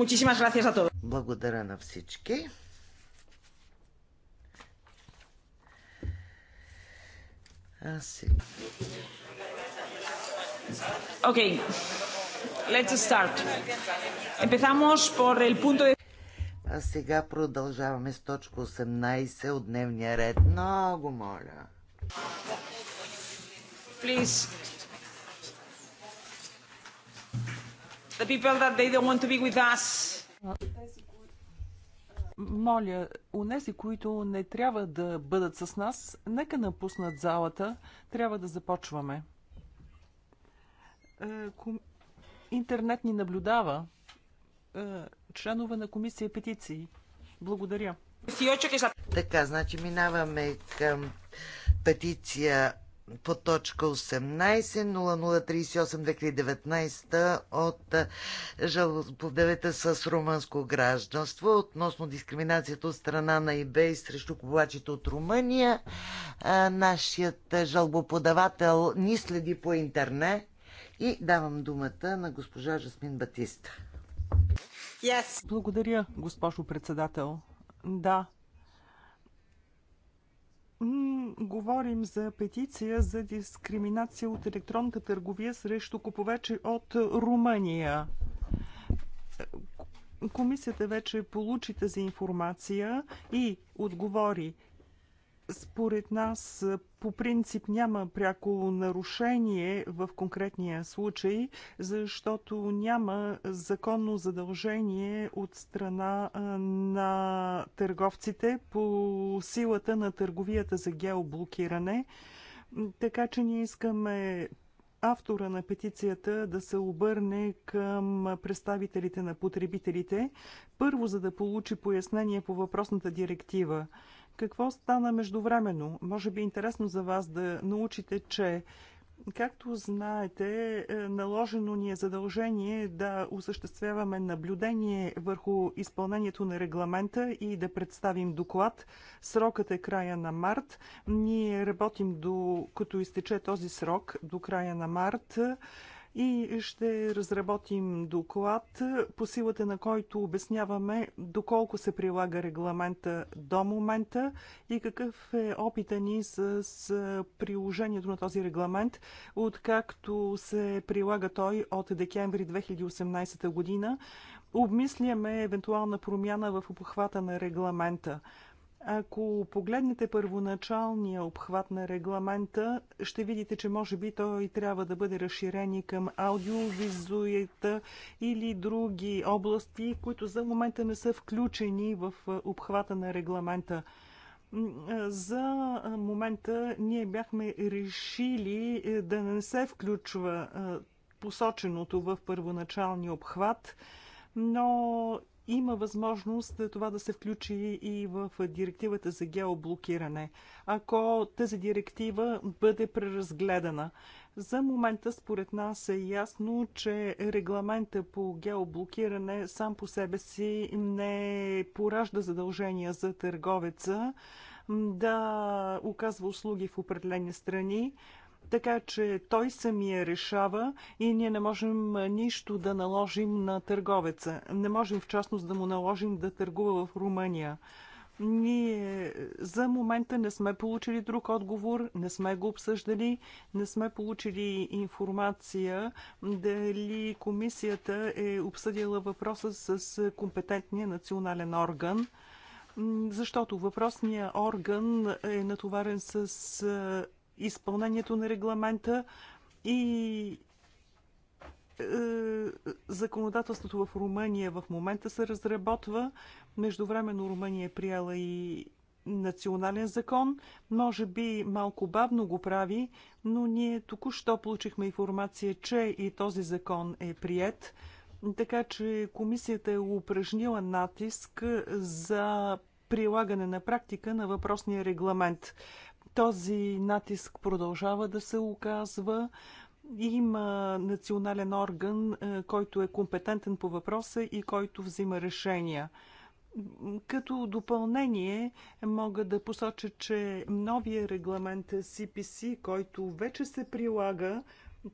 Muchísimas gracias a todos. Благодаря на всички. А сега. Okay. Let's start. Empezamos por el punto de... А сега продължаваме с точка 18 от дневния ред. Много моля. Please the people that they don't want to be with us. Моля, унези, които не трябва да бъдат с нас, нека напуснат залата. Трябва да започваме. Е, интернет ни наблюдава. Е, членове на комисия петиции. Благодаря. Така, значи минаваме към петиция по точка 18-0038-2019 от жалповедата с румънско гражданство относно дискриминацията от страна на eBay срещу купувачите от Румъния. Нашият жалбоподавател ни следи по интернет и давам думата на госпожа Жасмин Батиста. Yes. Благодаря, госпожо председател. Да, Говорим за петиция за дискриминация от електронната търговия срещу купувачи от Румъния. Комисията вече получи тази информация и отговори според нас по принцип няма пряко нарушение в конкретния случай, защото няма законно задължение от страна на търговците по силата на търговията за геоблокиране. Така че ние искаме автора на петицията да се обърне към представителите на потребителите, първо за да получи пояснение по въпросната директива. Какво стана междувременно? Може би е интересно за вас да научите, че Както знаете, е, наложено ни е задължение да осъществяваме наблюдение върху изпълнението на регламента и да представим доклад. Срокът е края на март. Ние работим до като изтече този срок, до края на март и ще разработим доклад, по силата на който обясняваме доколко се прилага регламента до момента и какъв е опита ни с, с приложението на този регламент, откакто се прилага той от декември 2018 година. Обмисляме евентуална промяна в обхвата на регламента. Ако погледнете първоначалния обхват на регламента, ще видите, че може би той трябва да бъде разширен и към аудиовизуята или други области, които за момента не са включени в е, обхвата на регламента. Е, за е, момента ние бяхме решили да не се включва посоченото в първоначалния обхват, но има възможност това да се включи и в директивата за геоблокиране, ако тази директива бъде преразгледана. За момента, според нас е ясно, че регламента по геоблокиране сам по себе си не поражда задължения за търговеца да оказва услуги в определени страни, така че той самия решава и ние не можем нищо да наложим на търговеца. Не можем в частност да му наложим да търгува в Румъния. Ние за момента не сме получили друг отговор, не сме го обсъждали, не сме получили информация дали комисията е обсъдила въпроса с компетентния национален орган защото въпросният орган е натоварен с изпълнението на регламента и е, законодателството в Румъния в момента се разработва. Междувременно Румъния е приела и национален закон. Може би малко бавно го прави, но ние току-що получихме информация, че и този закон е прият. Така че комисията е упражнила натиск за прилагане на практика на въпросния регламент. Този натиск продължава да се оказва. Има национален орган, е, който е компетентен по въпроса и който взима решения. Като допълнение мога да посоча, че новия регламент CPC, който вече се прилага,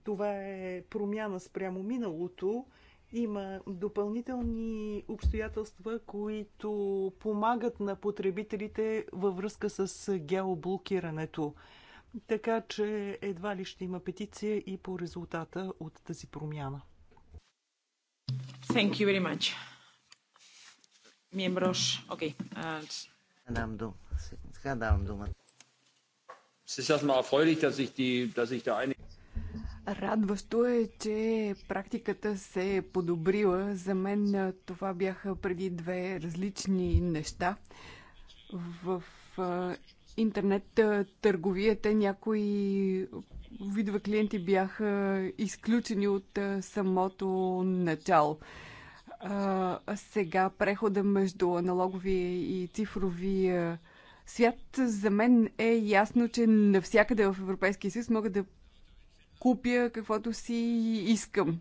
това е промяна спрямо миналото, има допълнителни обстоятелства, които помагат на потребителите във връзка с геоблокирането. Така че едва ли ще има петиция и по резултата от тази промяна. Thank you very much. Miembros, okay. And... Uh, Дам дум. Сега давам думата. Es ist erstmal erfreulich, dass ich, die, dass ich da einige. Радващо е, че практиката се е подобрила. За мен това бяха преди две различни неща. В интернет търговията някои видове клиенти бяха изключени от самото начало. сега прехода между аналоговия и цифровия свят за мен е ясно, че навсякъде в Европейския съюз могат да купя каквото си искам.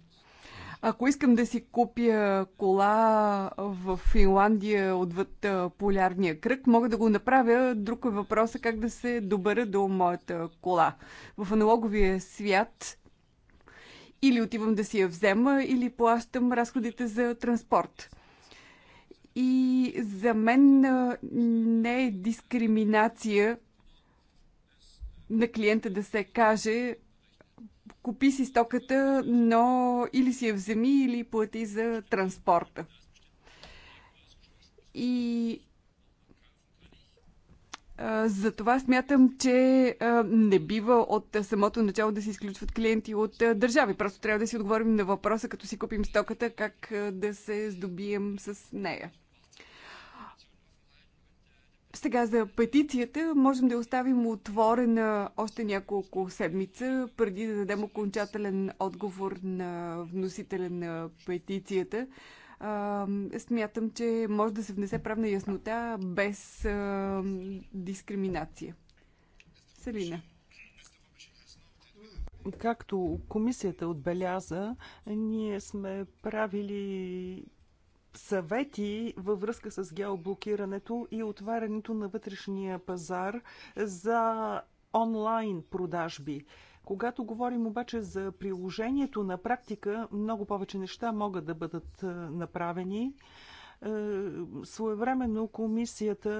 Ако искам да си купя кола в Финландия отвъд полярния кръг, мога да го направя. Друг е въпросът как да се добера до моята кола. В аналоговия свят или отивам да си я взема, или плащам разходите за транспорт. И за мен не е дискриминация на клиента да се каже купи си стоката, но или си я вземи, или плати за транспорта. И за това смятам, че не бива от самото начало да се изключват клиенти от държави. Просто трябва да си отговорим на въпроса, като си купим стоката, как да се здобием с нея. Сега за петицията можем да оставим отворена още няколко седмица, преди да дадем окончателен отговор на вносителя на петицията. А, смятам, че може да се внесе правна яснота без а, дискриминация. Селина. Както комисията отбеляза, ние сме правили съвети във връзка с геоблокирането и отварянето на вътрешния пазар за онлайн продажби. Когато говорим обаче за приложението на практика, много повече неща могат да бъдат направени. Е, своевременно комисията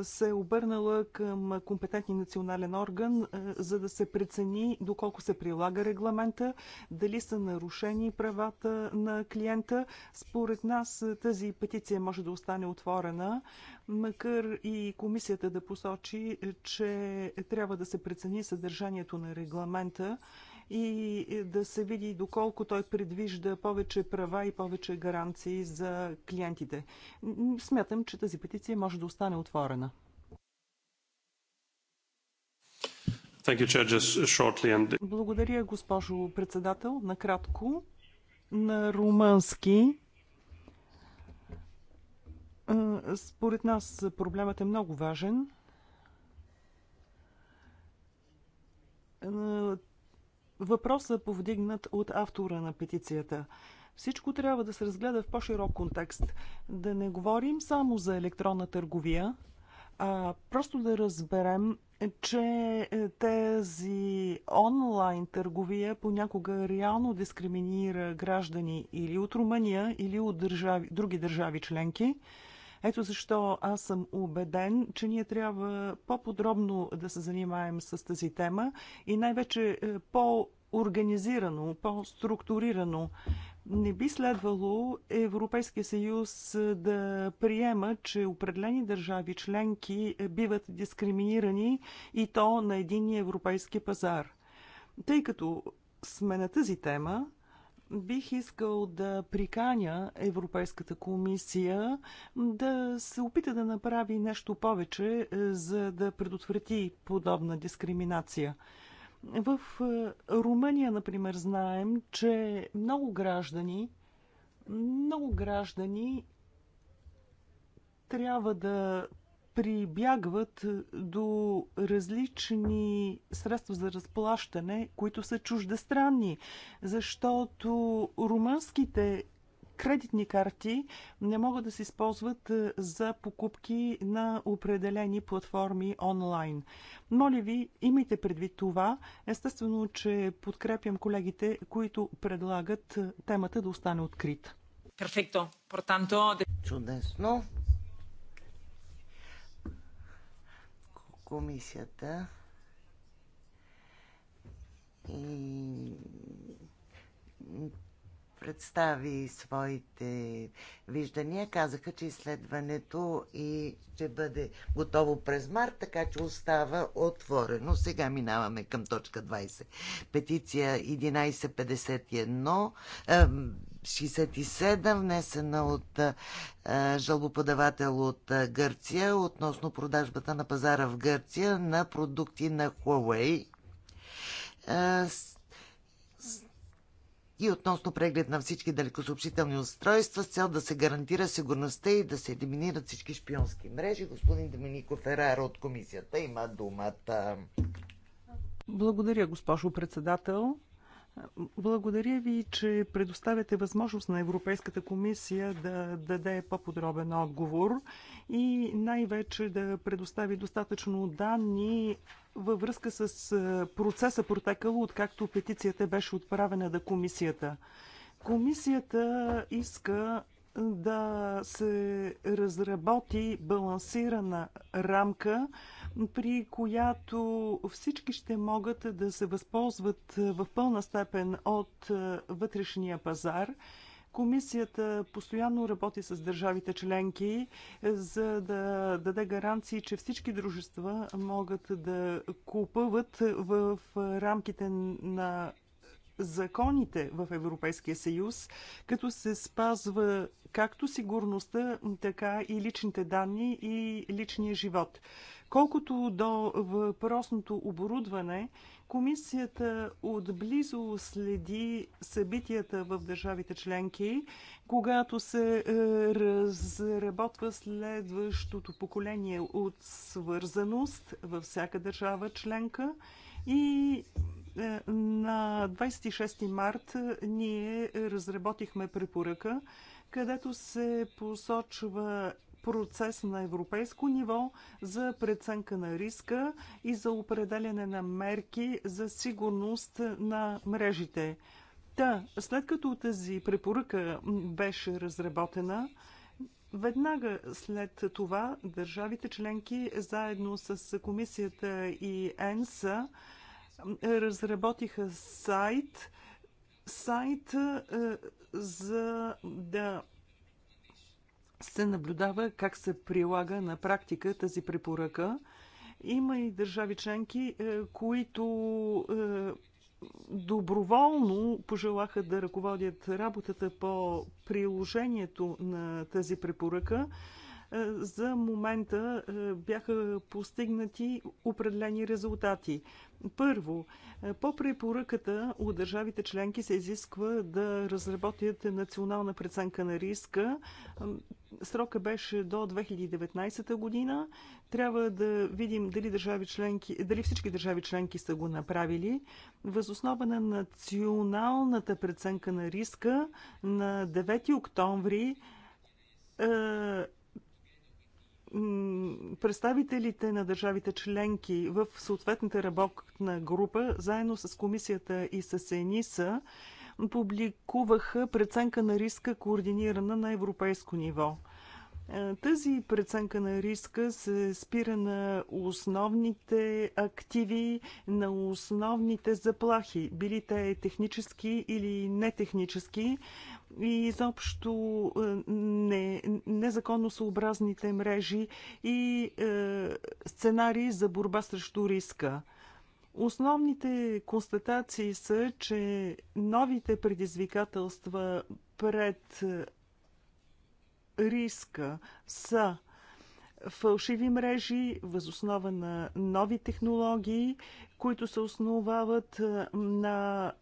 е, се е обърнала към компетентни национален орган, за да се прецени доколко се прилага регламента, дали са нарушени правата на клиента. Според нас тази петиция може да остане отворена, макар и комисията да посочи, че трябва да се прецени съдържанието на регламента и да се види доколко той предвижда повече права и повече гаранции за клиентите. Смятам, че тази петиция може да остане отворена. Благодаря, госпожо председател. Накратко, на румънски. Според нас проблемът е много важен Въпросът е повдигнат от автора на петицията. Всичко трябва да се разгледа в по-широк контекст. Да не говорим само за електронна търговия, а просто да разберем, че е, тези онлайн търговия понякога реално дискриминира граждани или от Румъния, или от държави, други държави членки. Ето защо аз съм убеден, че ние трябва по-подробно да се занимаем с тази тема и най-вече е, по- организирано, по-структурирано. Не би следвало Европейския съюз е, да приема, че определени държави членки е, биват дискриминирани и то на един европейски пазар. Тъй като сме на тази тема, Бих искал да приканя Европейската комисия да се опита да направи нещо повече, е, за да предотврати подобна дискриминация. В е, Румъния, например, знаем, че много граждани, много граждани трябва да прибягват е, до различни средства за разплащане, които са чуждестранни, защото румънските кредитни карти не могат да се използват е, за покупки на определени платформи онлайн. Моля ви, имайте предвид това. Естествено, че подкрепям колегите, които предлагат е, темата да остане открита. Перфекто. портанто, Чудесно. комисията и представи своите виждания. Казаха, че изследването и ще бъде готово през март, така че остава отворено. Сега минаваме към точка 20. Петиция 1151 67, внесена от жалбоподавател от Гърция относно продажбата на пазара в Гърция на продукти на Huawei и относно преглед на всички далекосъобщителни устройства с цел да се гарантира сигурността и да се елиминират всички шпионски мрежи. Господин Доминико Фераро от комисията има думата. Благодаря, госпожо председател. Благодаря ви, че предоставяте възможност на Европейската комисия да даде по-подробен отговор и най-вече да предостави достатъчно данни във връзка с процеса протекало, откакто петицията беше отправена до комисията. Комисията иска да се разработи балансирана рамка, при която всички ще могат да се възползват е, в пълна степен от е, вътрешния пазар. Комисията постоянно работи с държавите членки, е, за да даде гаранции, че всички дружества могат да купуват в рамките на законите в Европейския съюз, като се спазва както сигурността, така и личните данни и личния живот. Колкото до въпросното оборудване, комисията отблизо следи събитията в държавите членки, когато се е, разработва следващото поколение от свързаност във всяка държава членка и на 26 март ние разработихме препоръка, където се посочва процес на европейско ниво за преценка на риска и за определене на мерки за сигурност на мрежите. Та, след като тази препоръка беше разработена, Веднага след това държавите членки заедно с комисията и ЕНСА разработиха сайт, сайт е, за да се наблюдава как се прилага на практика тази препоръка. Има и държави членки, е, които е, доброволно пожелаха да ръководят работата по приложението на тази препоръка. Е, за момента е, бяха постигнати определени резултати. Първо, е, по препоръката от държавите членки се изисква да разработят национална преценка на риска. Срока беше до 2019 година. Трябва да видим дали, държави членки, дали всички държави членки са го направили. Възоснова на националната преценка на риска на 9 октомври представителите на държавите членки в съответната работна група, заедно с комисията и с ЕНИСА, публикуваха преценка на риска, координирана на европейско ниво. Е, тази преценка на риска се спира на основните активи, на основните заплахи, били те технически или нетехнически, и изобщо е, не, незаконно съобразните мрежи и е, сценарии за борба срещу риска. Основните констатации са, че новите предизвикателства пред е, риска са фалшиви мрежи, възоснова на нови технологии, които се основават е, на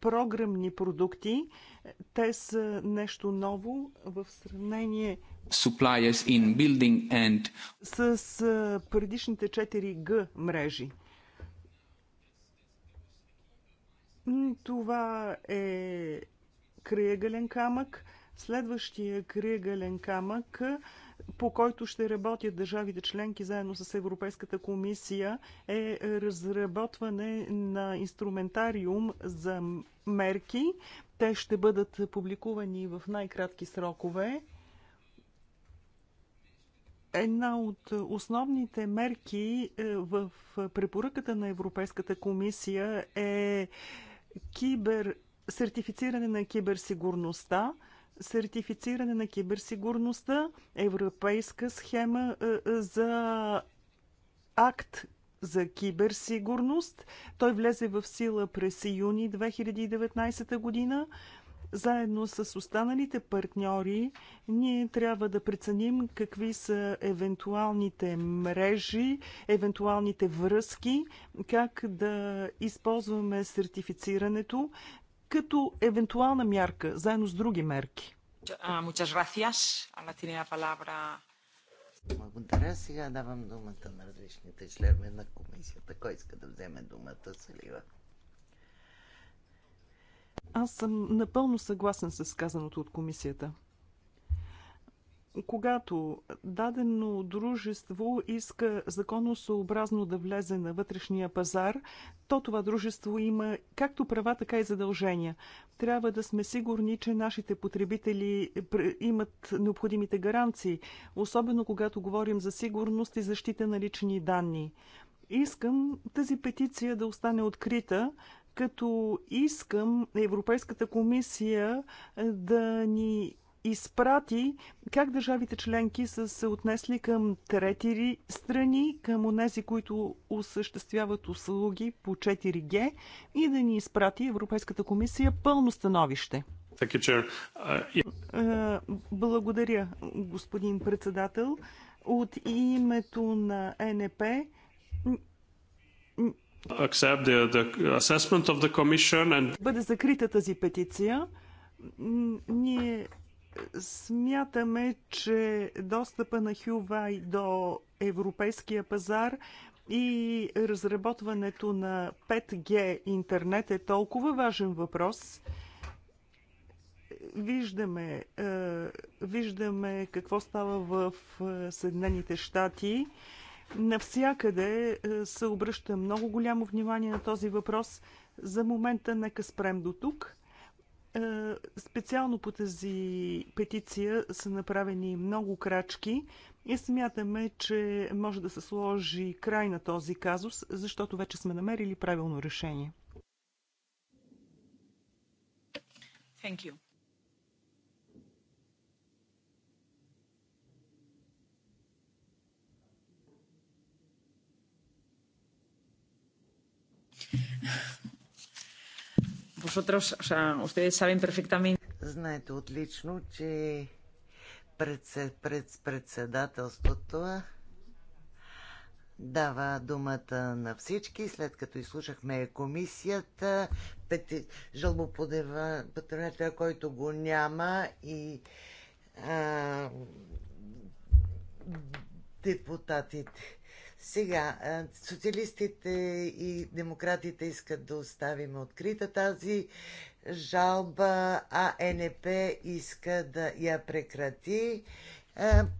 програмни продукти. Те са нещо ново в сравнение suppliers in building and с предишните 4G мрежи. Това е крайъгълен камък. Следващия крайъгълен камък по който ще работят държавите членки заедно с Европейската комисия, е разработване на инструментариум за мерки. Те ще бъдат публикувани в най-кратки срокове. Една от основните мерки е, в препоръката на Европейската комисия е кибер сертифициране на киберсигурността сертифициране на киберсигурността, европейска схема е, е, за акт за киберсигурност. Той влезе в сила през юни 2019 година. Заедно с останалите партньори ние трябва да преценим какви са евентуалните мрежи, евентуалните връзки, как да използваме сертифицирането, като евентуална мярка, заедно с други мерки. Благодаря. Сега давам думата на различните членове на комисията. Кой иска да вземе думата, Салива? Аз съм напълно съгласен с казаното от комисията когато дадено дружество иска законосъобразно да влезе на вътрешния пазар, то това дружество има както права, така и задължения. Трябва да сме сигурни, че нашите потребители имат необходимите гаранции, особено когато говорим за сигурност и защита на лични данни. Искам тази петиция да остане открита, като искам Европейската комисия е, да ни изпрати как държавите членки са се отнесли към трети страни, към онези, които осъществяват услуги по 4G и да ни изпрати Европейската комисия пълно становище. Uh, е, благодаря, господин председател. От името на НП Бъде закрита тази петиция. Ние Смятаме, че достъпа на Хювай до европейския пазар и разработването на 5G интернет е толкова важен въпрос. Виждаме, е, виждаме какво става в е, Съединените щати. Навсякъде е, се обръща много голямо внимание на този въпрос. За момента нека спрем до тук. Е, специално по тази петиция са направени много крачки и смятаме, че може да се сложи край на този казус, защото вече сме намерили правилно решение. Thank you. Vosotros, o sea, ustedes saben perfectamente. Знаете отлично, че пред, председателството дава думата на всички. След като изслушахме комисията, пети, жълбоподевателя, който го няма и а, депутатите. Сега, социалистите и демократите искат да оставим открита тази жалба, а НП иска да я прекрати.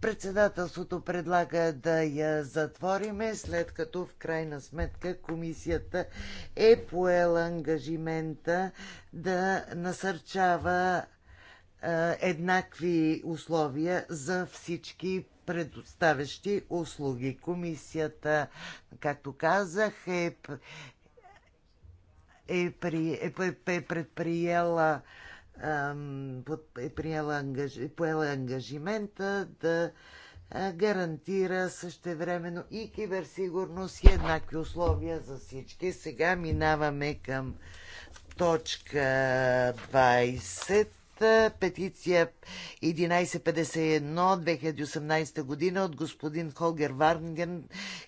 Председателството предлага да я затвориме, след като в крайна сметка комисията е поела ангажимента да насърчава еднакви условия за всички предоставящи услуги. Комисията, както казах, е, е, при, е, е предприела е приела, ангаж... е поела ангажимента да гарантира същевременно и киберсигурност и еднакви условия за всички. Сега минаваме към точка 20 е, петиция 1151-2018 година от господин Холгер Варнген,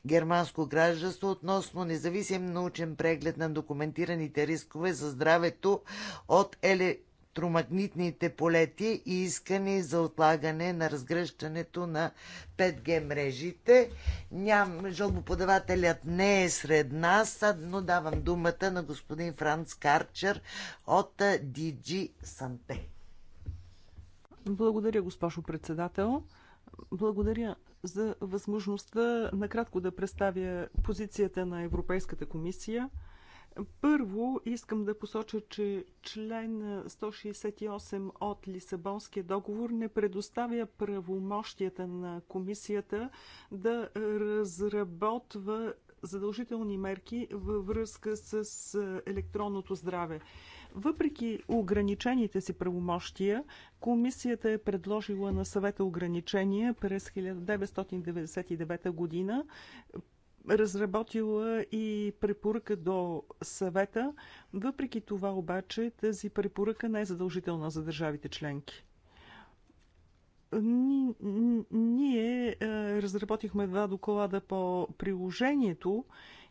германско гражданство, относно независим научен преглед на документираните рискове за здравето от електромагнитните полети и искане за отлагане на разгръщането на 5G мрежите. Ням, жалбоподавателят не е сред нас, но давам думата на господин Франц Карчер от DG Санте. Благодаря, госпожо председател. Благодаря за възможността накратко да представя позицията на Европейската комисия. Първо искам да посоча, че член 168 от Лисабонския договор не предоставя правомощията на комисията да разработва задължителни мерки във връзка с електронното здраве. Въпреки ограничените си правомощия, комисията е предложила на съвета ограничения през 1999 година, разработила и препоръка до съвета. Въпреки това обаче тази препоръка не е задължителна за държавите членки. Ние е, разработихме два доклада по приложението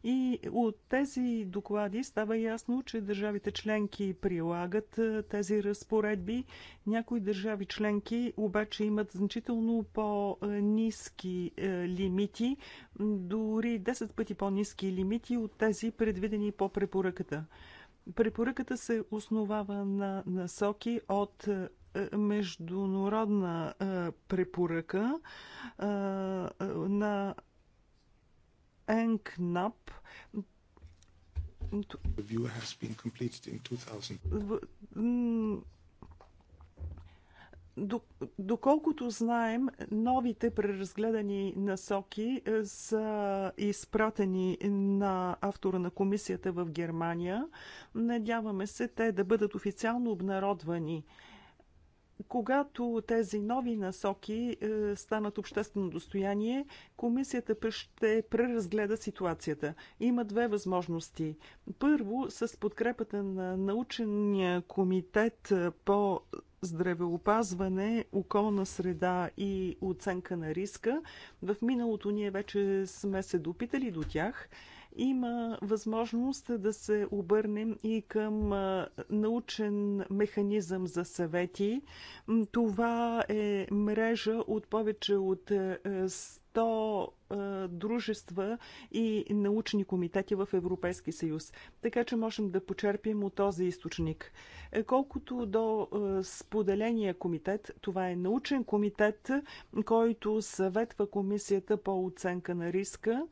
и от тези доклади става ясно, че държавите членки прилагат е, тези разпоредби. Някои държави членки обаче имат значително по-низки е, лимити, дори 10 пъти по-низки лимити от тези предвидени по препоръката. Препоръката се основава на насоки от е, международна препоръка на НКНАП. Доколкото знаем, новите преразгледани насоки е, са изпратени на автора на комисията в Германия. Надяваме се те да бъдат официално обнародвани. Когато тези нови насоки е, станат обществено достояние, комисията ще преразгледа ситуацията. Има две възможности. Първо, с подкрепата на научения комитет е, по здравеопазване, околна среда и оценка на риска. В миналото ние вече сме се допитали до тях има възможност да се обърнем и към научен механизъм за съвети. Това е мрежа от повече от 100 е, дружества и научни комитети в Европейски съюз. Така че можем да почерпим от този източник. Е, колкото до е, споделения комитет, това е научен комитет, който съветва комисията по оценка на риска.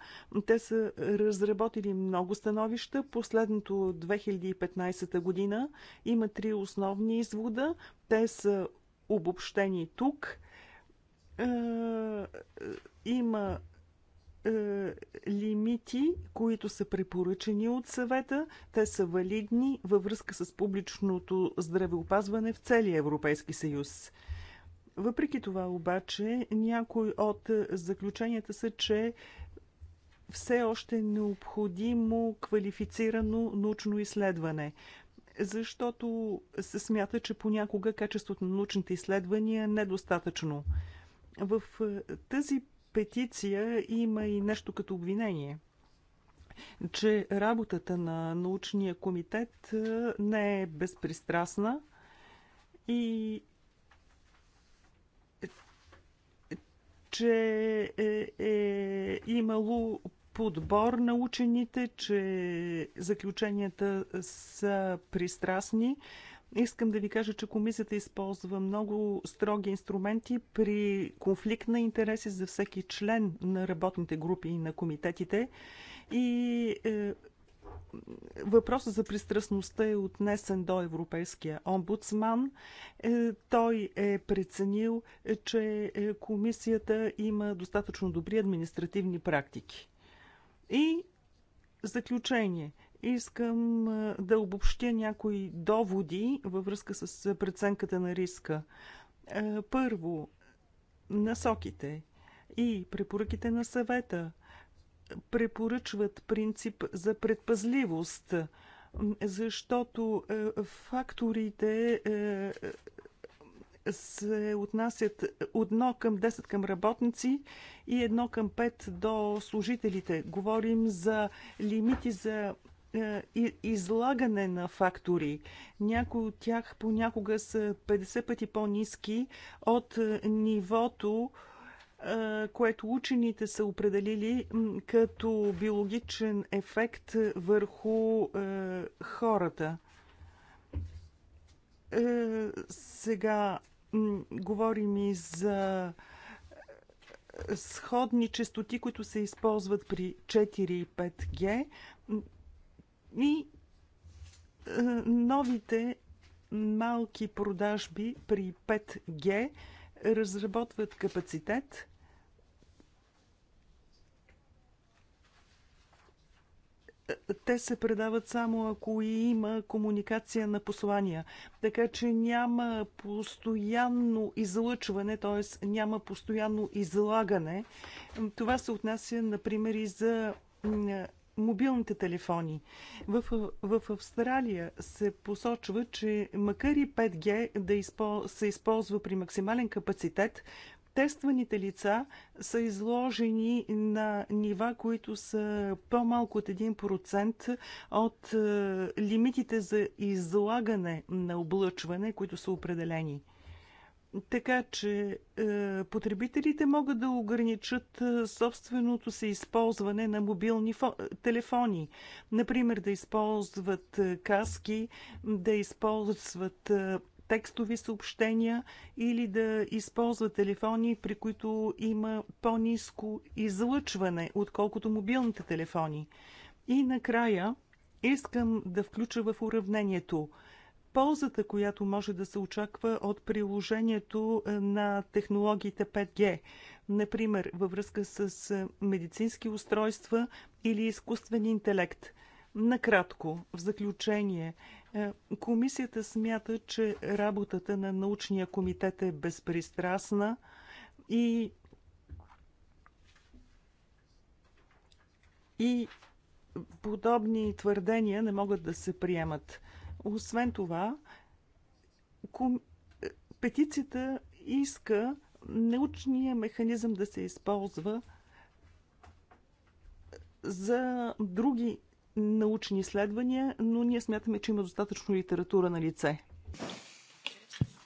Те са разработили много становища. Последното 2015 година има три основни извода. Те са обобщени тук има е, лимити, които са препоръчени от съвета. Те са валидни във връзка с публичното здравеопазване в целия Европейски съюз. Въпреки това обаче, някои от заключенията са, че все още е необходимо квалифицирано научно изследване защото се смята, че понякога качеството на научните изследвания е недостатъчно. В е, тази петиция има и нещо като обвинение че работата на научния комитет е, не е безпристрастна и че е, е имало подбор на учените, че заключенията са пристрастни. Искам да ви кажа, че комисията използва много строги инструменти при конфликт на интереси за всеки член на работните групи и на комитетите. И е, въпросът за пристрастността е отнесен до Европейския омбудсман. Е, той е преценил, че е, комисията има достатъчно добри административни практики. И заключение – Искам да обобщя някои доводи във връзка с преценката на риска. Първо, насоките и препоръките на съвета препоръчват принцип за предпазливост, защото е, факторите е, се отнасят едно към 10 към работници и едно към 5 до служителите. Говорим за лимити за е, излагане на фактори. Някои от тях понякога са 50 пъти по-низки от е, нивото, е, което учените са определили като биологичен ефект върху хората. Сега говорим и за сходни частоти, които се използват при 4 и 5G и е, новите малки продажби при 5G разработват капацитет те се предават само ако и има комуникация на послания. Така че няма постоянно излъчване, т.е. няма постоянно излагане. Това се отнася, например, и за мобилните телефони. В, в Австралия се посочва, че макар и 5G да изпо, се използва при максимален капацитет, тестваните лица са изложени на нива, които са по-малко от 1% от е, лимитите за излагане на облъчване, които са определени. Така че е, потребителите могат да ограничат е, собственото си използване на мобилни телефони. Например, да използват е, каски, да използват текстови съобщения или да използват телефони, при които има по-низко излъчване, отколкото мобилните телефони. И накрая искам да включа в уравнението – ползата, която може да се очаква от приложението е, на технологиите 5G, например във връзка с е, медицински устройства или изкуствен интелект. Накратко, в заключение, е, комисията смята, че работата на научния комитет е безпристрастна и и подобни твърдения не могат да се приемат. Освен това, ком... петицията иска научния механизъм да се използва за други научни изследвания, но ние смятаме, че има достатъчно литература на лице.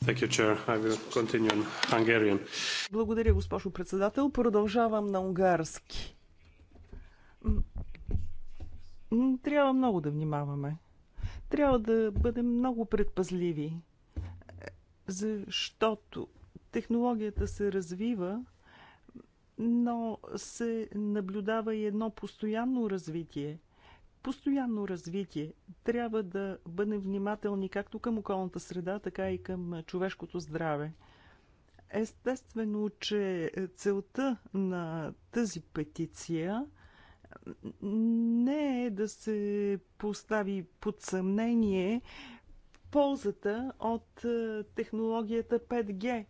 You, Благодаря, госпожо председател. Продължавам на унгарски. Трябва много да внимаваме. Трябва да бъдем много предпазливи, защото технологията се развива, но се наблюдава и едно постоянно развитие. Постоянно развитие. Трябва да бъдем внимателни както към околната среда, така и към човешкото здраве. Естествено, че целта на тази петиция не е да се постави под съмнение ползата от е, технологията 5G.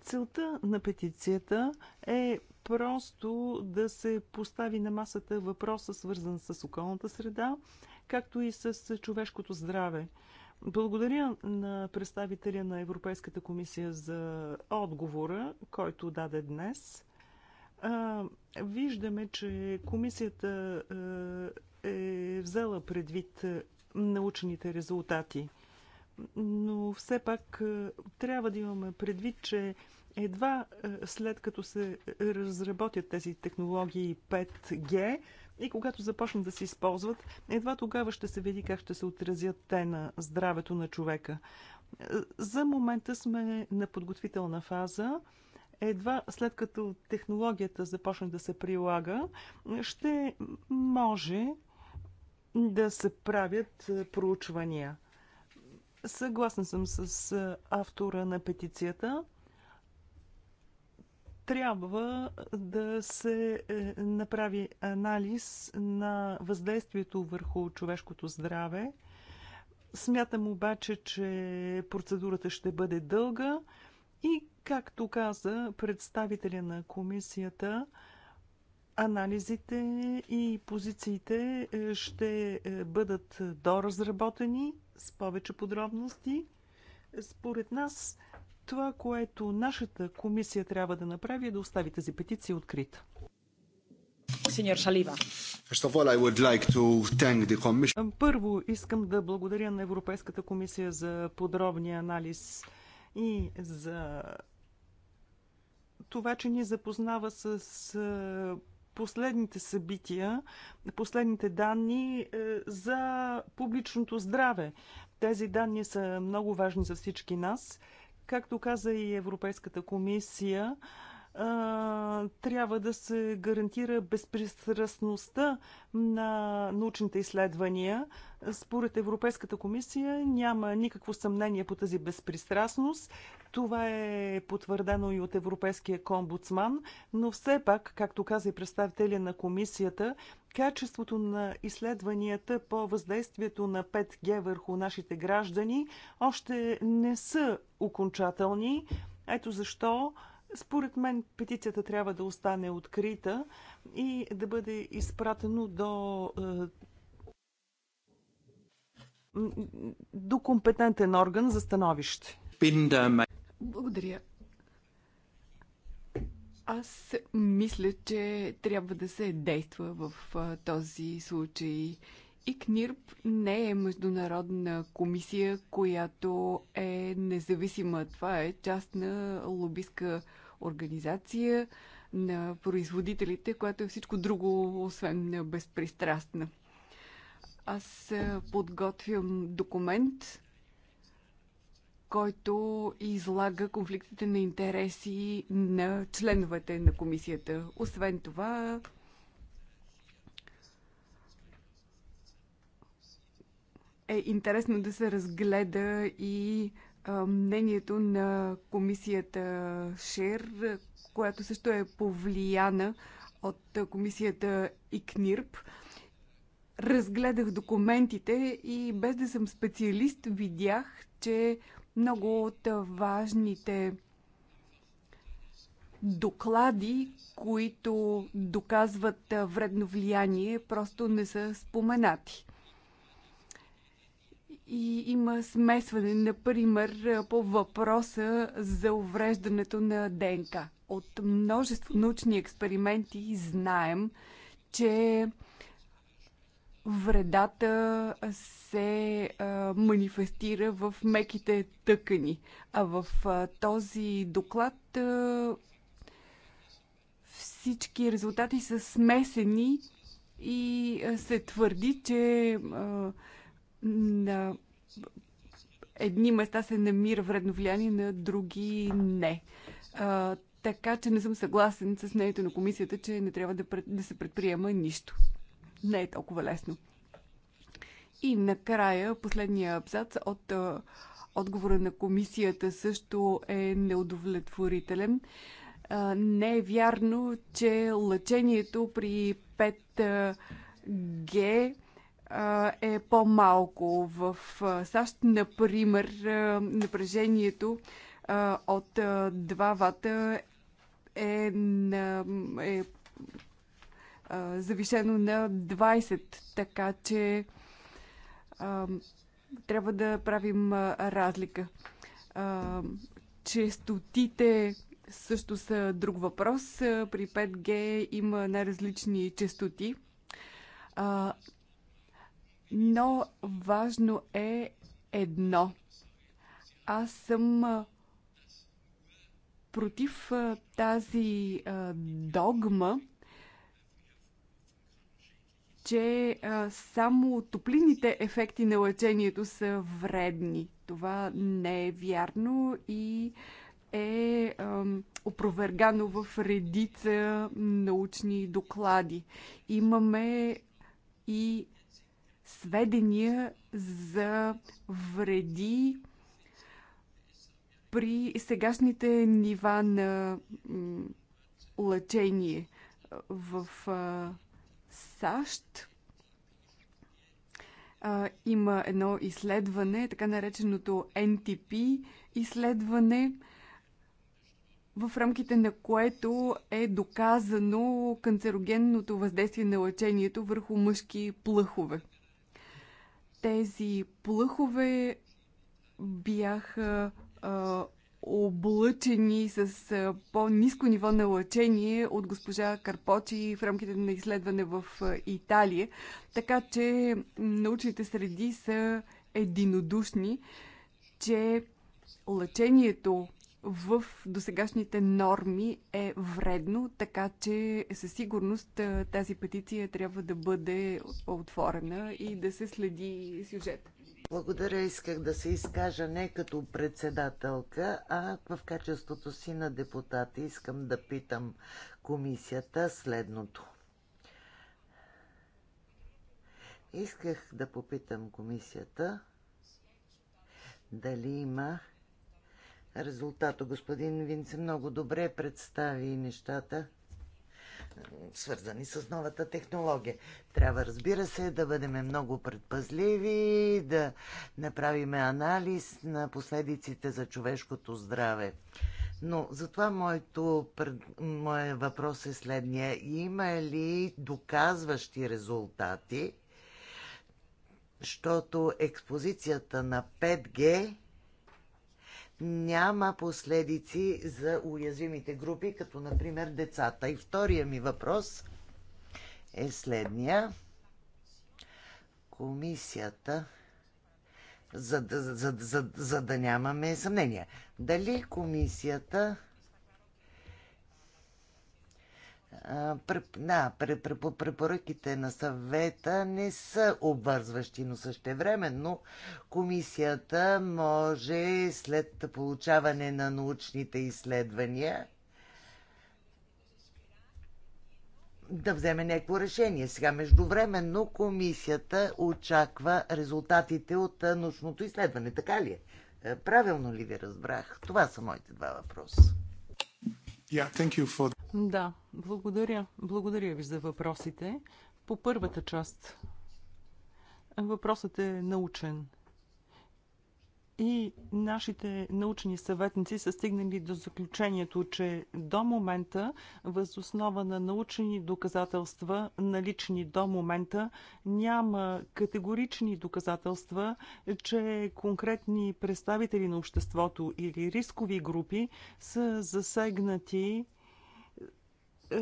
Целта на петицията е просто да се постави на масата въпроса, свързан с околната среда, както и с човешкото здраве. Благодаря на представителя на Европейската комисия за отговора, който даде днес. Виждаме, че комисията е взела предвид научните резултати. Но все пак трябва да имаме предвид, че едва след като се разработят тези технологии 5G и когато започнат да се използват, едва тогава ще се види как ще се отразят те на здравето на човека. За момента сме на подготвителна фаза едва след като технологията започне да се прилага, ще може да се правят е, проучвания. Съгласна съм с е, автора на петицията. Трябва да се е, направи анализ на въздействието върху човешкото здраве. Смятам обаче, че процедурата ще бъде дълга и Както каза представителя на комисията, анализите и позициите е, ще е, бъдат доразработени с повече подробности. Според нас, това, което нашата комисия трябва да направи е да остави тази петиция открита. Първо искам да благодаря на Европейската комисия за подробния анализ и за това, че ни запознава с последните събития, последните данни е, за публичното здраве. Тези данни са много важни за всички нас. Както каза и Европейската комисия, трябва да се гарантира безпристрастността на научните изследвания. Според Европейската комисия няма никакво съмнение по тази безпристрастност. Това е потвърдено и от Европейския комбудсман, но все пак, както каза и представителя на комисията, качеството на изследванията по въздействието на 5G върху нашите граждани още не са окончателни. Ето защо според мен петицията трябва да остане открита и да бъде изпратено до е, до компетентен орган за становище. Благодаря. Аз мисля, че трябва да се действа в е, този случай. И КНИРП не е международна комисия, която е независима. Това е част на лобистка организация на производителите, която е всичко друго, освен безпристрастна. Аз подготвям документ, който излага конфликтите на интереси на членовете на комисията. Освен това, е интересно да се разгледа и мнението на комисията ШЕР, която също е повлияна от комисията ИКНИРП. Разгледах документите и без да съм специалист, видях, че много от важните доклади, които доказват вредно влияние, просто не са споменати и има смесване, например, по въпроса за увреждането на ДНК. От множество научни експерименти знаем, че вредата се а, манифестира в меките тъкани. А в а, този доклад а, всички резултати са смесени и а, се твърди, че а, на едни места се намира вредно влияние, на други не. А, така че не съм съгласен с мнението на комисията, че не трябва да, пред, да се предприема нищо. Не е толкова лесно. И накрая, последния абзац от а, отговора на комисията също е неудовлетворителен. А, не е вярно, че лъчението при 5G е по-малко. В САЩ, например, напрежението от 2 вата е, на, е завишено на 20, така че трябва да правим разлика. Честотите също са друг въпрос. При 5G има най-различни честоти. Но важно е едно. Аз съм против тази догма, че само топлинните ефекти на лъчението са вредни. Това не е вярно и е опровергано в редица научни доклади. Имаме и сведения за вреди при сегашните нива на лъчение в САЩ има едно изследване, така нареченото NTP изследване, в рамките на което е доказано канцерогенното въздействие на лъчението върху мъжки плъхове. Тези плъхове бяха а, облъчени с а, по-низко ниво на лъчение от госпожа Карпочи в рамките на изследване в а, Италия. Така че научните среди са единодушни, че лъчението в досегашните норми е вредно, така че със сигурност тази петиция трябва да бъде отворена и да се следи сюжет. Благодаря, исках да се изкажа не като председателка, а в качеството си на депутат. Искам да питам комисията следното. Исках да попитам комисията дали има резултата. Господин Винце много добре представи нещата, свързани с новата технология. Трябва, разбира се, да бъдем много предпазливи, да направим анализ на последиците за човешкото здраве. Но затова моето, моя въпрос е следния. Има ли доказващи резултати, защото експозицията на 5G няма последици за уязвимите групи, като например децата. И втория ми въпрос е следния. Комисията, за, за, за, за, за да нямаме съмнение, дали комисията да, препоръките на съвета не са обвързващи, но същевременно комисията може след получаване на научните изследвания да вземе някакво решение. Сега междувременно комисията очаква резултатите от научното изследване. Така ли е? е? Правилно ли ви разбрах? Това са моите два въпроса. Да, благодаря. Благодаря ви за въпросите. По първата част. Въпросът е научен. И нашите научни съветници са стигнали до заключението, че до момента, възоснова на научни доказателства, налични до момента, няма категорични доказателства, че конкретни представители на обществото или рискови групи са засегнати е,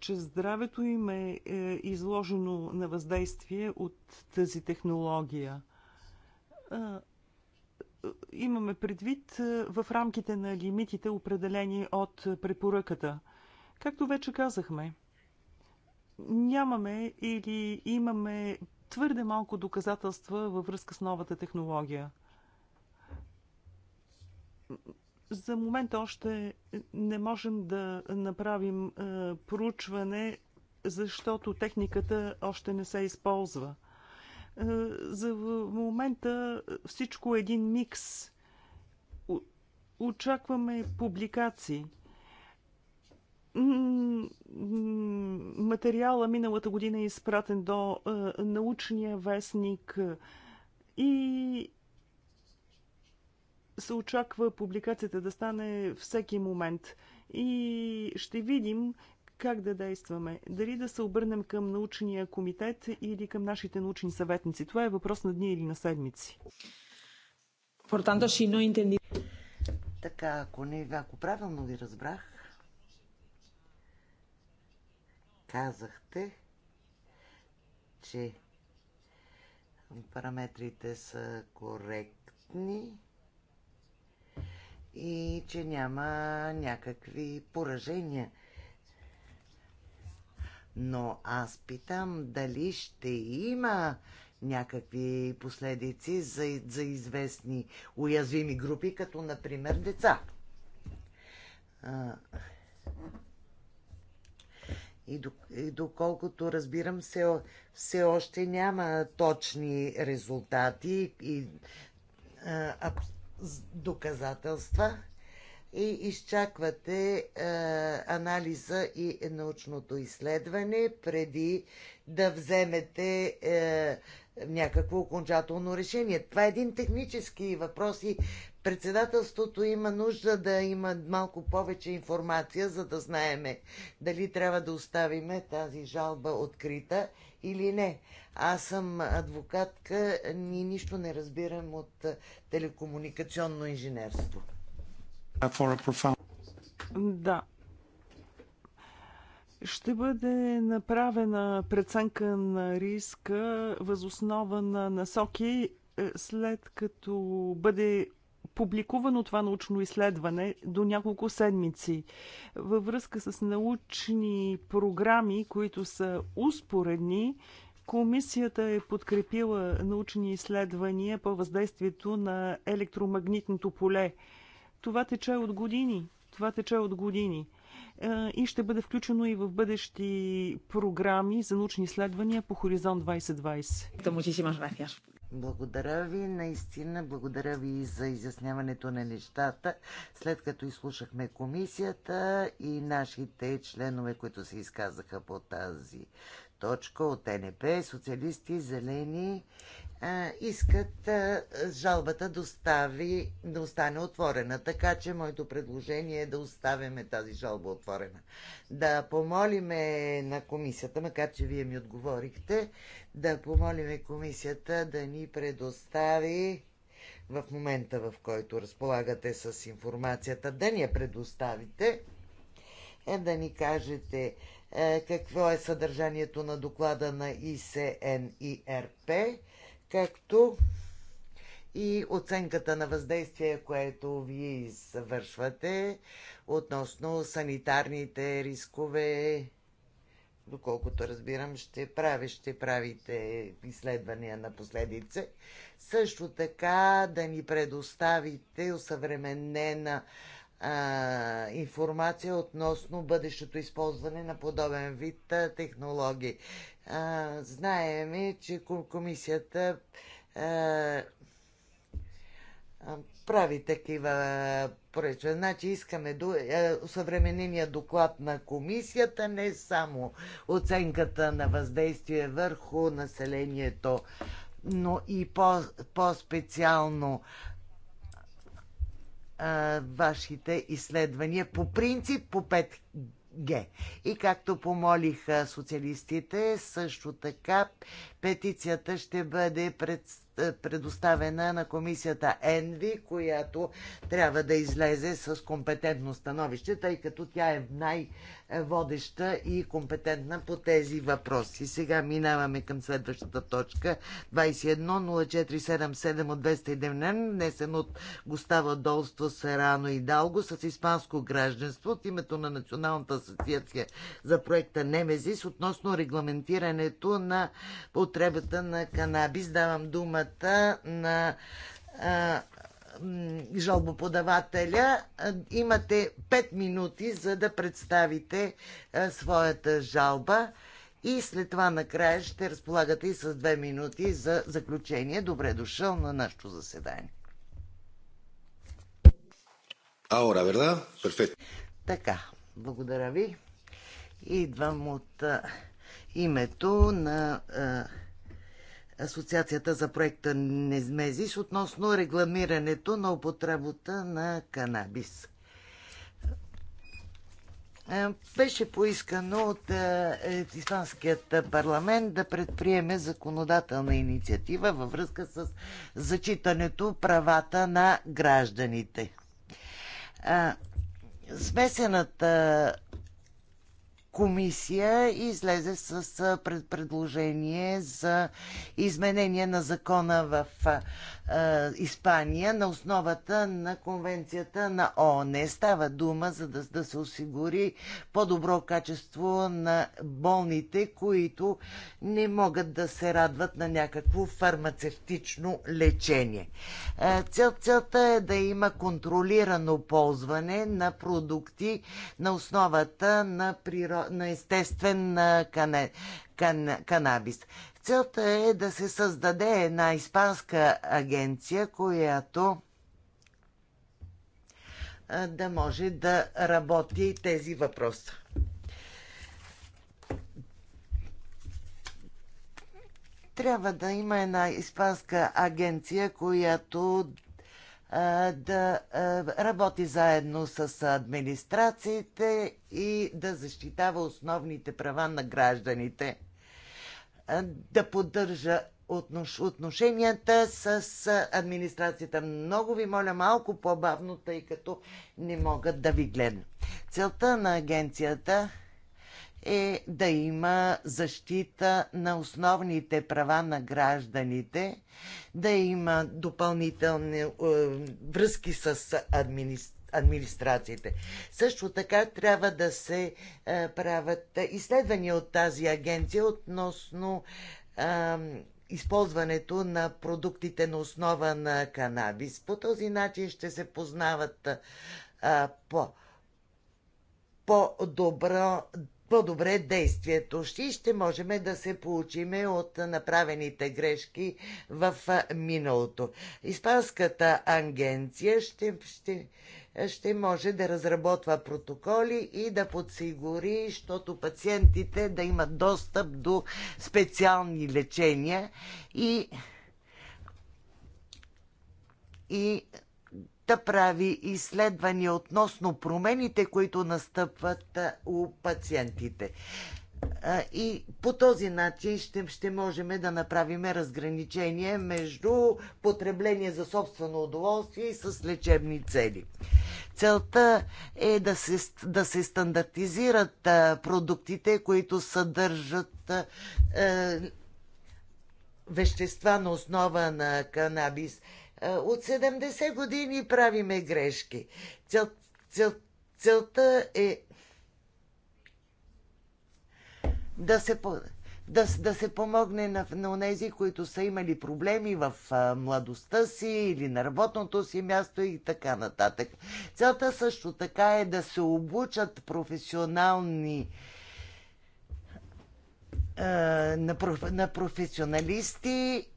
че здравето им е, е изложено на въздействие от тази технология. Е, имаме предвид е, в рамките на лимитите, определени от препоръката. Както вече казахме, нямаме или имаме твърде малко доказателства във връзка с новата технология. За момента още не можем да направим е, проучване, защото техниката още не се използва. Е, за момента всичко е един микс. Очакваме публикации. Материала миналата година е изпратен до е, научния вестник е, и се очаква публикацията да стане всеки момент. И ще видим как да действаме. Дали да се обърнем към научния комитет или към нашите научни съветници. Това е въпрос на дни или на седмици. Така, ако, не, ако правилно ви разбрах, казахте, че параметрите са коректни и че няма някакви поражения но аз питам дали ще има някакви последици за, за известни уязвими групи, като например деца. до, и, доколкото разбирам, все, все още няма точни резултати и а, доказателства и изчаквате е, анализа и научното изследване преди да вземете е, някакво окончателно решение. Това е един технически въпрос и председателството има нужда да има малко повече информация, за да знаеме дали трябва да оставиме тази жалба открита или не. Аз съм адвокатка, ни нищо не разбирам от телекомуникационно инженерство. Да. Ще бъде направена преценка на риска възоснова на насоки, е, след като бъде публикувано това научно изследване до няколко седмици. Във връзка с научни програми, които са успоредни, Комисията е подкрепила научни изследвания по въздействието на електромагнитното поле. Това тече от години. Това тече от години е, и ще бъде включено и в бъдещи програми за научни изследвания по Хоризонт 2020. Благодаря ви, наистина. Благодаря ви за изясняването на нещата. След като изслушахме комисията и нашите членове, които се изказаха по тази точка от НП, социалисти, зелени искат жалбата да, остави, да остане отворена. Така че моето предложение е да оставяме тази жалба отворена. Да помолиме на комисията, макар че вие ми отговорихте, да помолиме комисията да ни предостави в момента, в който разполагате с информацията, да ни я предоставите, е да ни кажете е, какво е съдържанието на доклада на ИСНИРП, както и оценката на въздействие, което вие извършвате относно санитарните рискове. Доколкото разбирам, ще, прави, ще правите изследвания на последице. Също така да ни предоставите усъвременена а, информация относно бъдещото използване на подобен вид а, технологии. А, знаеме, че комисията а, прави такива поръчва. Значи искаме до, а, съвременения доклад на комисията, не само оценката на въздействие върху населението, но и по, по-специално а, вашите изследвания по принцип по 5G. И както помолиха социалистите, също така петицията ще бъде представена е, предоставена на комисията ЕНВИ, която трябва да излезе с компетентно становище, тъй като тя е най-водеща и компетентна по тези въпроси. Сега минаваме към следващата точка 210477 от 209, внесен от Густава Долство Серано и Далго с испанско гражданство от името на Националната асоциация за проекта Немезис относно регламентирането на потребата на канабис. Давам дума жалбата на а, жалбоподавателя. Имате 5 минути, за да представите а, своята жалба и след това накрая ще разполагате и с 2 минути за заключение. Добре дошъл на нашето заседание. Аура, верда? Перфект. Така, благодаря ви. Идвам от а, името на а, Асоциацията за проекта Незмезис относно регламирането на употребата на канабис. Е, беше поискано от е, Испанският парламент да предприеме законодателна инициатива във връзка с зачитането правата на гражданите. Е, смесената комисия излезе с предложение за изменение на закона в Испания на основата на конвенцията на ООН. Става дума за да, да се осигури по-добро качество на болните, които не могат да се радват на някакво фармацевтично лечение. Цел, целта е да има контролирано ползване на продукти на основата на природа на естествен кан, кан, канабис. Целта е да се създаде една испанска агенция, която да може да работи тези въпроси. Трябва да има една испанска агенция, която да работи заедно с администрациите и да защитава основните права на гражданите, да поддържа отношенията с администрацията. Много ви моля малко по-бавно, тъй като не могат да ви гледат. Целта на агенцията е да има защита на основните права на гражданите, да има допълнителни е, връзки с администрацията администрациите. Също така трябва да се е, правят изследвания от тази агенция относно е, използването на продуктите на основа на канабис. По този начин ще се познават е, по, по-добро по-добре действието си. Ще можем да се получиме от направените грешки в миналото. Испанската агенция ще, ще, ще може да разработва протоколи и да подсигури, защото пациентите да имат достъп до специални лечения и и да прави изследвания относно промените, които настъпват у пациентите. И по този начин ще, ще можем да направим разграничение между потребление за собствено удоволствие и с лечебни цели. Целта е да се, да се стандартизират продуктите, които съдържат е, вещества на основа на канабис – е, от 70 години правиме грешки. Цел, цел, целта е да се, да, да се помогне на, на тези, които са имали проблеми в а, младостта си или на работното си място и така нататък. Целта също така е да се обучат професионални а, на, на професионалисти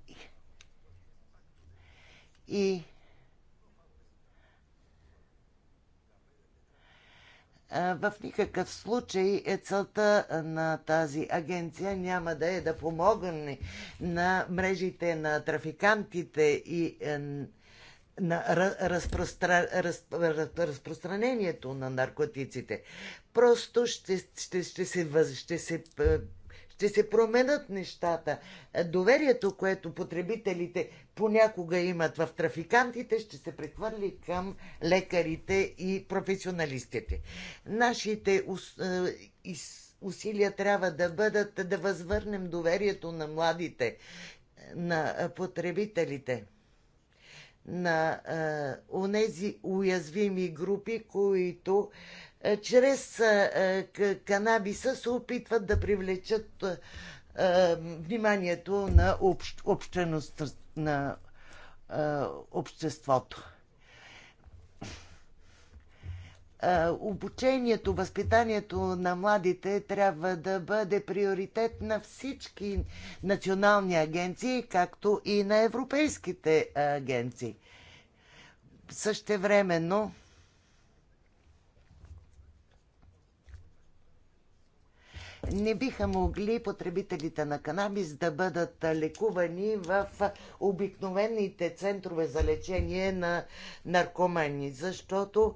и в никакъв случай е целта на тази агенция няма да е да помогне на мрежите на трафикантите и е, на разпростра... разпространението на наркотиците. Просто ще, ще, ще, се, ще се е, ще се променят нещата. Е, доверието, което потребителите понякога имат в трафикантите, ще се прехвърли към лекарите и професионалистите. Нашите е, усилия трябва да бъдат да възвърнем доверието на младите, е, на потребителите на тези онези уязвими групи, които е, чрез е, е, канабиса се опитват да привлечат вниманието на, общ, на обществото. Обучението, възпитанието на младите трябва да бъде приоритет на всички национални агенции, както и на европейските агенции. Същевременно, не биха могли потребителите на канабис да бъдат лекувани в обикновените центрове за лечение на наркомани, защото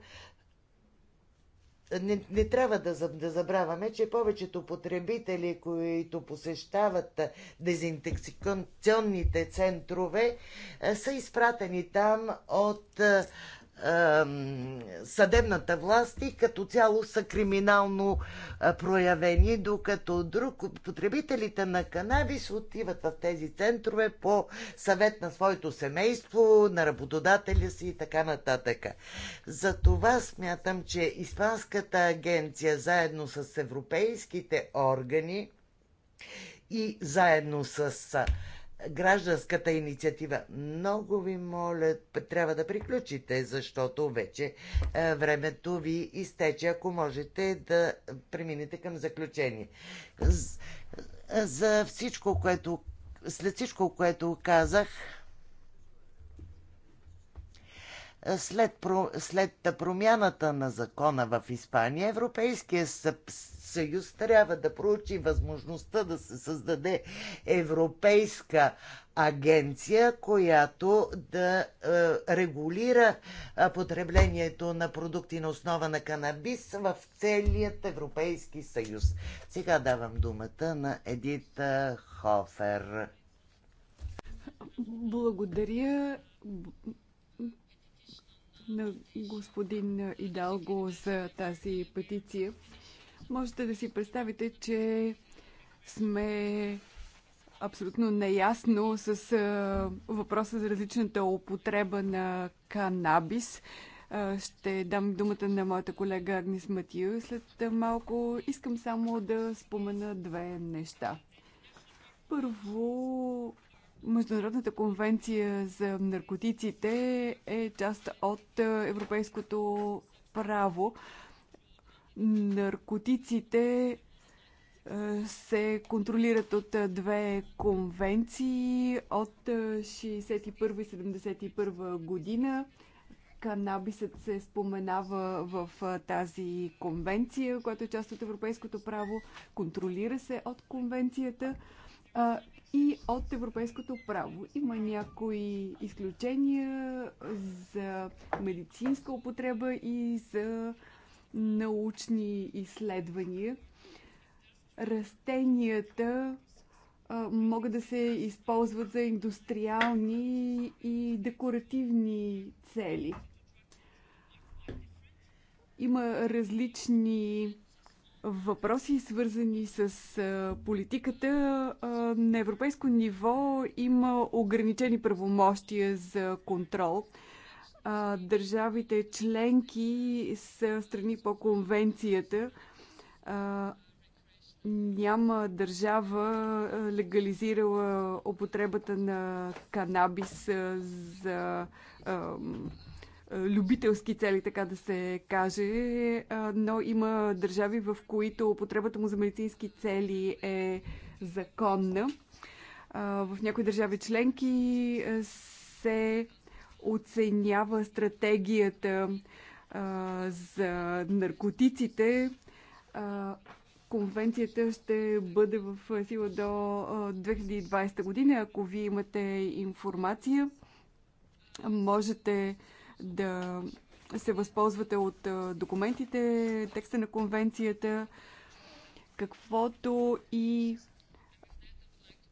не, не трябва да, да забравяме, че повечето потребители, които посещават дезинтоксикационните центрове, е, са изпратени там от е, съдебната власт и като цяло са криминално проявени, докато друг потребителите на канабис отиват в тези центрове по съвет на своето семейство, на работодателя си и така нататък. За това смятам, че Испанската агенция заедно с европейските органи и заедно с гражданската инициатива. Много ви моля, трябва да приключите, защото вече е, времето ви изтече. Ако можете да преминете към заключение. За всичко, което след всичко, което казах, след, про, след промяната на закона в Испания, Европейския съд съюз трябва да проучи възможността да се създаде европейска агенция, която да е, регулира е, потреблението на продукти на основа на канабис в целият Европейски съюз. Сега давам думата на Едит е, Хофер. Благодаря на господин Идалго за тази петиция. Можете да си представите, че сме абсолютно неясно с а, въпроса за различната употреба на канабис. А, ще дам думата на моята колега Агнис Матио след малко. Искам само да спомена две неща. Първо, Международната конвенция за наркотиците е част от европейското право. Наркотиците е, се контролират от е, две конвенции от 61 е, и 71 година. Канабисът се споменава в тази конвенция, която е част от европейското право, контролира се от конвенцията а, и от европейското право. Има някои изключения за медицинска употреба и за научни изследвания. Растенията могат да се използват за индустриални и декоративни цели. Има различни въпроси, свързани с политиката. На европейско ниво има ограничени правомощия за контрол а, държавите членки са страни по конвенцията. А, няма държава легализирала употребата на канабис за а, любителски цели, така да се каже, но има държави, в които употребата му за медицински цели е законна. В някои държави членки се оценява стратегията а, за наркотиците. А, конвенцията ще бъде в сила до 2020 година. Ако вие имате информация, можете да се възползвате от документите, текста на конвенцията, каквото и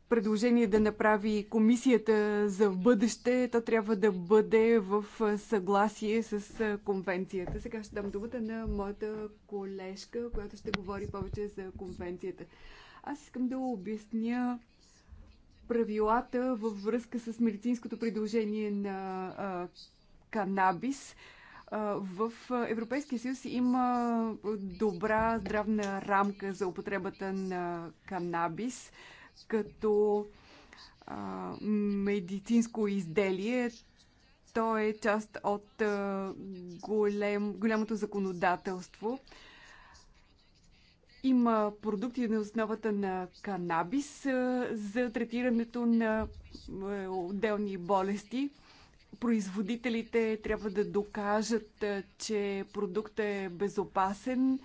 предложение да направи комисията за в бъдеще, то трябва да бъде в съгласие с конвенцията. Сега ще дам думата на моята колежка, която ще говори повече за конвенцията. Аз искам да обясня правилата във връзка с медицинското предложение на а, канабис. В Европейския съюз има добра здравна рамка за употребата на канабис като а, медицинско изделие. То е част от а, голем, голямото законодателство. Има продукти на основата на канабис а, за третирането на а, отделни болести производителите трябва да докажат, че продуктът е безопасен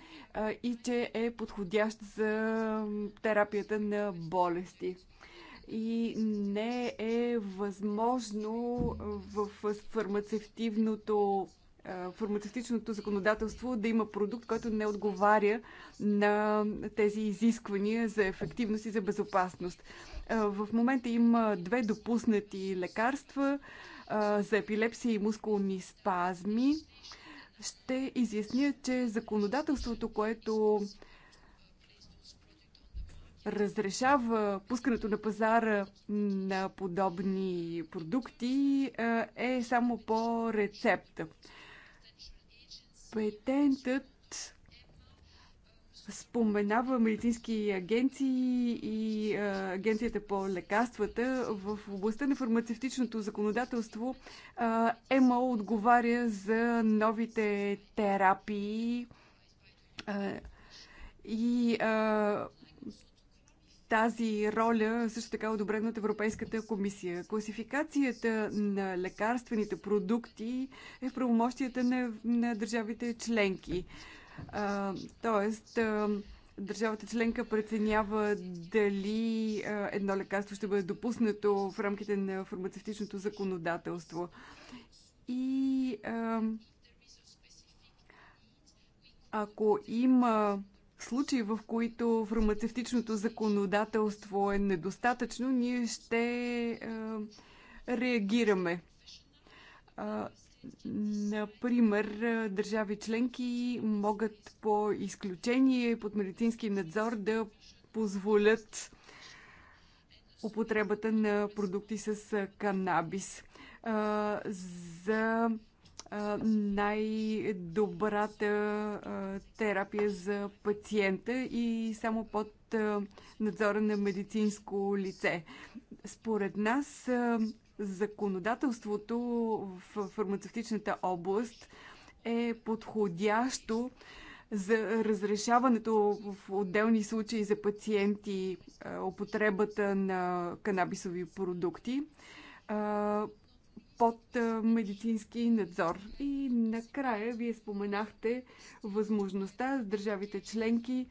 и че е подходящ за терапията на болести. И не е възможно в фармацевтивното фармацевтичното законодателство да има продукт, който не отговаря на тези изисквания за ефективност и за безопасност. В момента има две допуснати лекарства, за епилепсия и мускулни спазми, ще изясня, че законодателството, което разрешава пускането на пазара на подобни продукти е само по рецепта. Петентът споменава медицински агенции и а, агенцията по лекарствата. В областта на фармацевтичното законодателство а, ЕМО отговаря за новите терапии а, и а, тази роля също така е одобрена от Европейската комисия. Класификацията на лекарствените продукти е в правомощията на, на държавите членки. А, тоест, държавата членка преценява дали едно лекарство ще бъде допуснато в рамките на фармацевтичното законодателство. И ако има случаи, в които фармацевтичното законодателство е недостатъчно, ние ще реагираме. Например, държави членки могат по изключение под медицински надзор да позволят употребата на продукти с канабис. За най-добрата терапия за пациента и само под надзора на медицинско лице. Според нас законодателството в фармацевтичната област е подходящо за разрешаването в отделни случаи за пациенти е, употребата на канабисови продукти е, под е, медицински надзор. И накрая вие споменахте възможността с държавите членки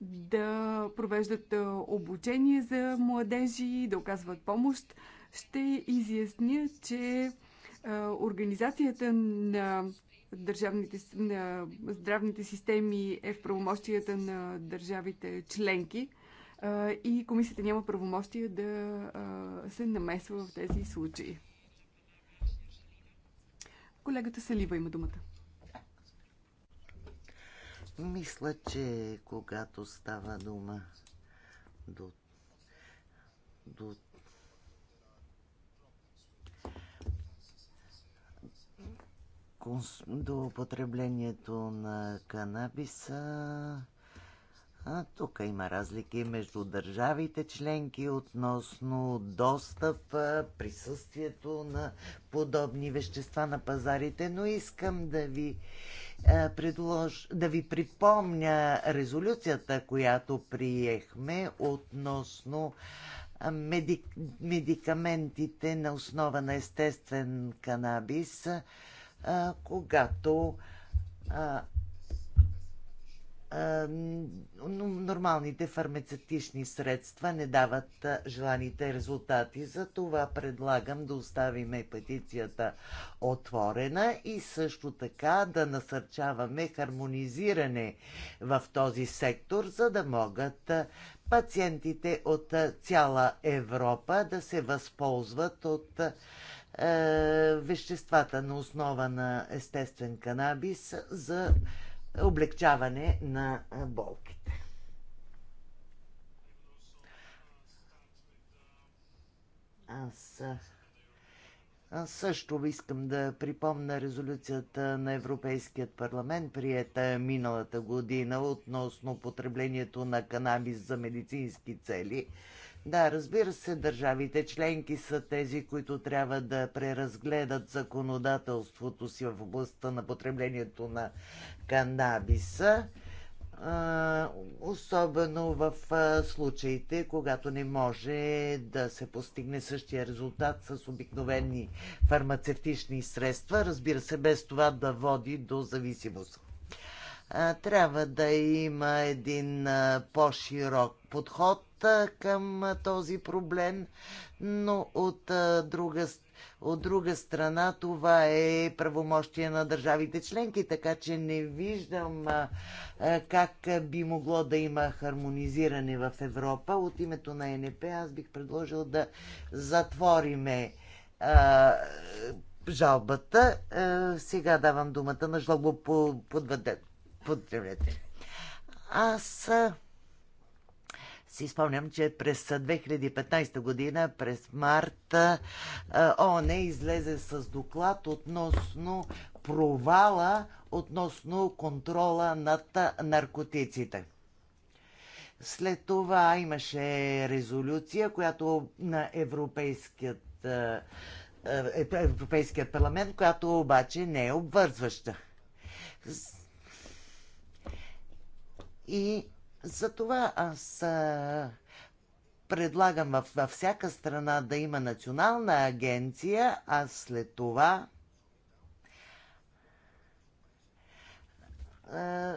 да провеждат обучение за младежи, да оказват помощ ще изясня, че организацията на държавните, на здравните системи е в правомощията на държавите членки и комисията няма правомощия да се намесва в тези случаи. Колегата Салива има думата. Мисля, че когато става дума до, до до употреблението на канабиса. А, тук има разлики между държавите членки относно достъп, присъствието на подобни вещества на пазарите, но искам да ви, предлож... да ви припомня резолюцията, която приехме относно медик... медикаментите на основа на естествен канабис а, когато а, а, нормалните фармацевтични средства не дават желаните резултати. За това предлагам да оставиме петицията отворена и също така да насърчаваме хармонизиране в този сектор, за да могат пациентите от цяла Европа да се възползват от е, веществата на основа на естествен канабис за облегчаване на болките. Аз също искам да припомна резолюцията на Европейският парламент, приета миналата година относно потреблението на канабис за медицински цели – да, разбира се, държавите членки са тези, които трябва да преразгледат законодателството си в областта на потреблението на канабиса, особено в случаите, когато не може да се постигне същия резултат с обикновени фармацевтични средства, разбира се, без това да води до зависимост трябва да има един по-широк подход към този проблем, но от друга, от друга страна това е правомощие на държавите членки, така че не виждам как би могло да има хармонизиране в Европа. От името на НП аз бих предложил да затвориме жалбата. Сега давам думата на жалбоподводетел. Аз си спомням, че през 2015 година, през марта, ООН излезе с доклад относно провала относно контрола над наркотиците. След това имаше резолюция, която на Европейският, Европейският парламент, която обаче не е обвързваща. И затова аз предлагам във, във всяка страна да има национална агенция, а след това а,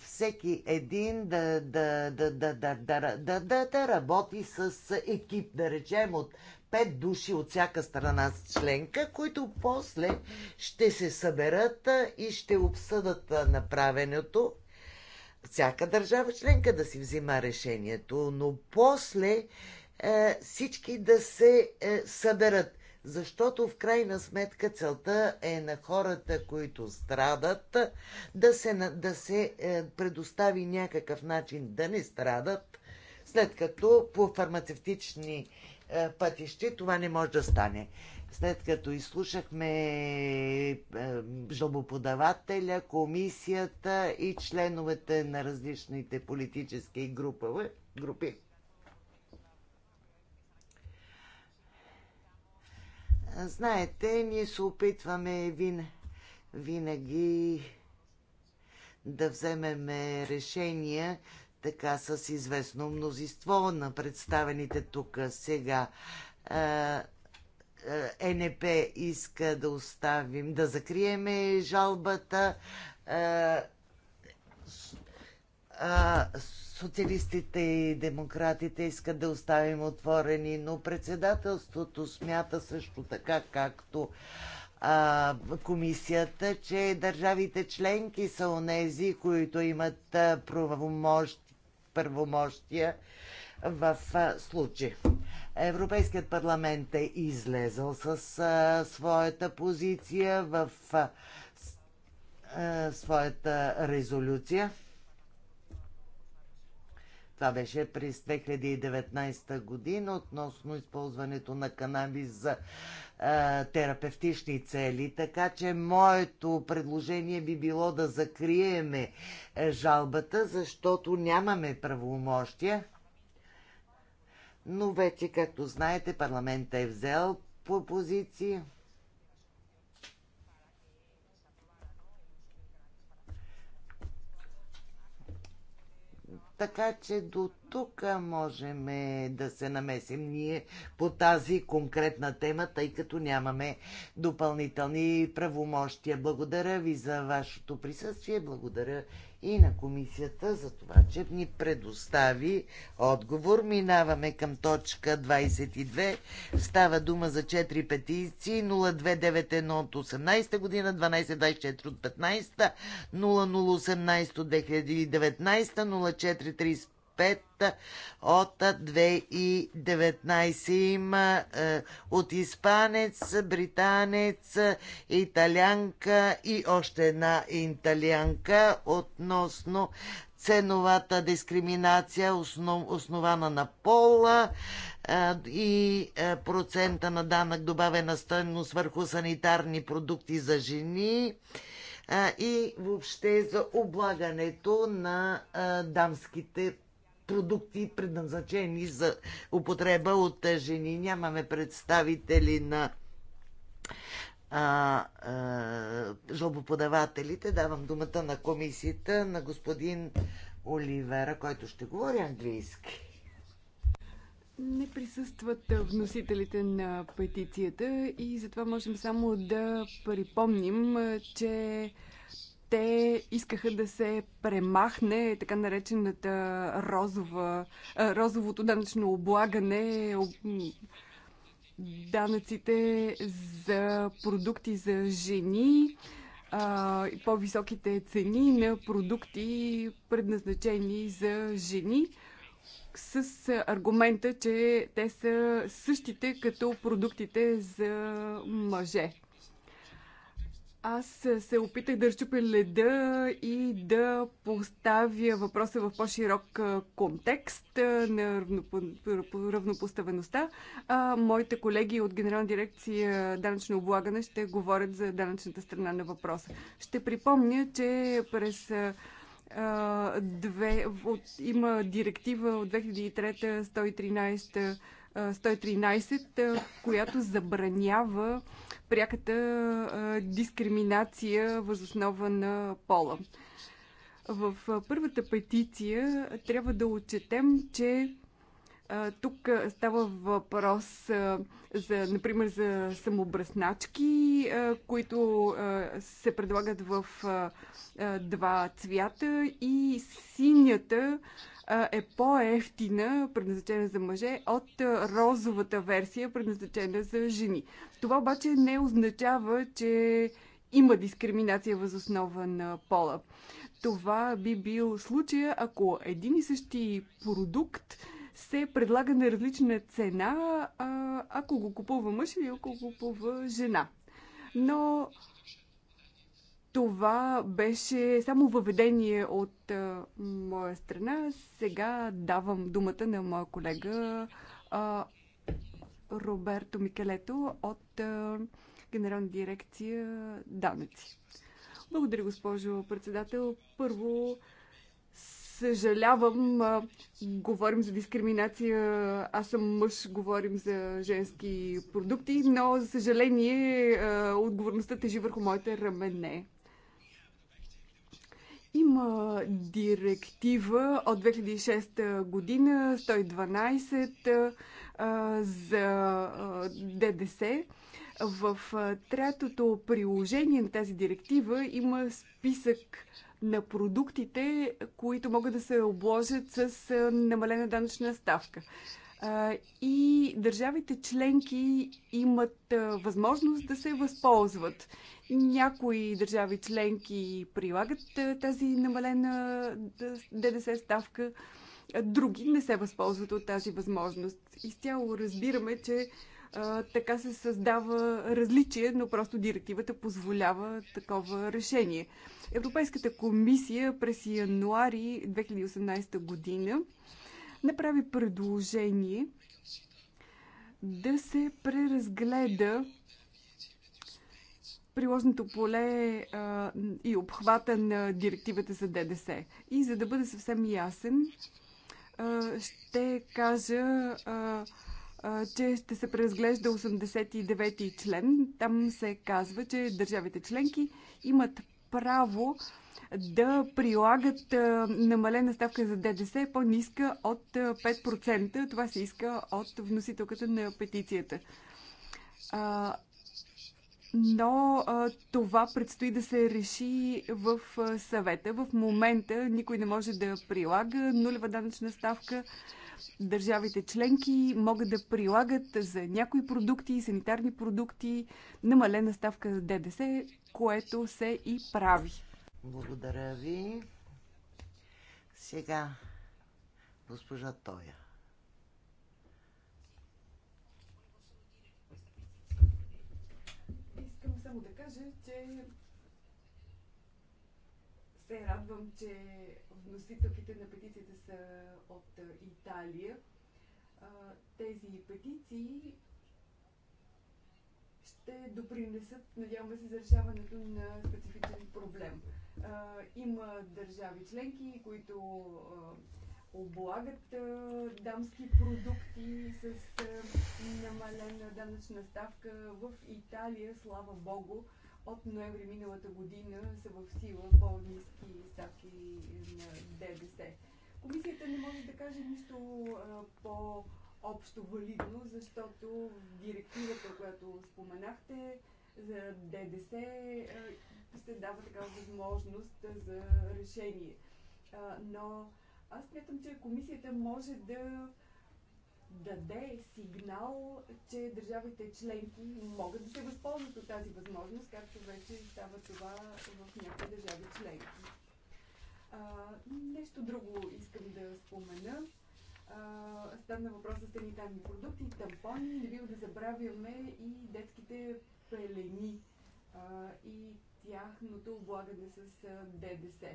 всеки един да, да, да, да, да, да, да, да, да работи с екип, да речем от пет души от всяка страна с членка, които после ще се съберат и ще обсъдат направеното всяка държава членка да си взима решението, но после е, всички да се е, съберат. Защото в крайна сметка целта е на хората, които страдат, да се, да се е, предостави някакъв начин да не страдат, след като по фармацевтични е, пътищи това не може да стане. След като изслушахме е, жалбоподавателя, комисията и членовете на различните политически групи, Знаете, ние се опитваме вин, винаги да вземем решения така с известно мнозинство на представените тук сега. Е, е, НП иска да оставим, да закриеме жалбата. Е, социалистите и демократите искат да оставим отворени, но председателството смята също така, както а, комисията, че държавите членки са онези, които имат правомощ, първомощия в случая. Европейският парламент е излезъл с а, своята позиция в а, а, своята резолюция. Това беше през 2019 година относно използването на канабис за а, терапевтични цели. Така че моето предложение би било да закриеме жалбата, защото нямаме правомощия но вече, както знаете, парламента е взел по позиции. Така че до тук можем е, да се намесим ние по тази конкретна тема, тъй като нямаме допълнителни правомощия. Благодаря ви за вашето присъствие, благодаря и на комисията за това, че ни предостави отговор. Минаваме към точка 22. Става дума за 4 петиции 0291 от 18 година, 1224 от 15, 0018 от 2019, 0435 5 от 2019. Има е, от испанец, британец, италянка и още една италянка относно ценовата дискриминация, основ, основана на пола е, и е, процента на данък добавена стойност върху санитарни продукти за жени е, и въобще за облагането на дамските продукти, предназначени за употреба от жени. Нямаме представители на а, а, жалбоподавателите. Давам думата на комисията на господин Оливера, който ще говори английски. Не присъстват вносителите на петицията и затова можем само да припомним, че те искаха да се премахне така наречената розова, розовото данъчно облагане, данъците за продукти за жени по-високите цени на продукти, предназначени за жени, с аргумента, че те са същите като продуктите за мъже. Аз се опитах да разчупя леда и да поставя въпроса в по-широк контекст на равнопоставеността. А, моите колеги от Генерална дирекция данъчно облагане ще говорят за данъчната страна на въпроса. Ще припомня, че през две, от, има директива от 2003-113 113, която забранява пряката дискриминация възоснова на пола. В първата петиция трябва да отчетем, че тук става въпрос за, например, за самобръсначки, които се предлагат в два цвята и синята е по-ефтина, предназначена за мъже, от розовата версия, предназначена за жени. Това обаче не означава, че има дискриминация въз основа на пола. Това би бил случая, ако един и същи продукт се предлага на различна цена, ако го купува мъж или ако го купува жена. Но това беше само въведение от а, моя страна. Сега давам думата на моя колега а, Роберто Микелето от а, Генерална дирекция Данъци. Благодаря, госпожо председател. Първо, съжалявам, а, говорим за дискриминация. Аз съм мъж, говорим за женски продукти, но, за съжаление, а, отговорността тежи върху моите рамене. Има директива от 2006 година 112 за ДДС. В третото приложение на тази директива има списък на продуктите, които могат да се обложат с намалена данъчна ставка и държавите членки имат възможност да се възползват. Някои държави членки прилагат тази намалена ДДС ставка, други не се възползват от тази възможност. Изцяло разбираме, че така се създава различие, но просто директивата позволява такова решение. Европейската комисия през януари 2018 година направи предложение да се преразгледа приложното поле а, и обхвата на директивата за ДДС. И за да бъда съвсем ясен, а, ще кажа, а, а, че ще се преразглежда 89-ти член. Там се казва, че държавите членки имат право да прилагат намалена ставка за ДДС по-ниска от 5%. Това се иска от вносителката на петицията но а, това предстои да се реши в а, съвета. В момента никой не може да прилага нулева данъчна ставка. Държавите членки могат да прилагат за някои продукти, санитарни продукти, намалена ставка за ДДС, което се и прави. Благодаря ви. Сега госпожа Тоя. само да кажа, че се радвам, че вносителките на петициите са от Италия. Тези петиции ще допринесат, надяваме се, за решаването на специфичен проблем. Има държави членки, които облагат дамски продукти с намалена данъчна ставка в Италия, слава богу. От ноември миналата година са в сила по-низки ставки на ДДС. Комисията не може да каже нищо по-общо валидно, защото директивата, която споменахте, за ДДС се дава такава възможност за решение. Но аз смятам, че комисията може да даде сигнал, че държавите членки могат да се възползват от тази възможност, както вече става това в някои държави членки. А, нещо друго искам да спомена. А, стана въпрос за санитарни продукти, тампони. Не бива да забравяме и детските пелени а, и тяхното облагане с ДДС.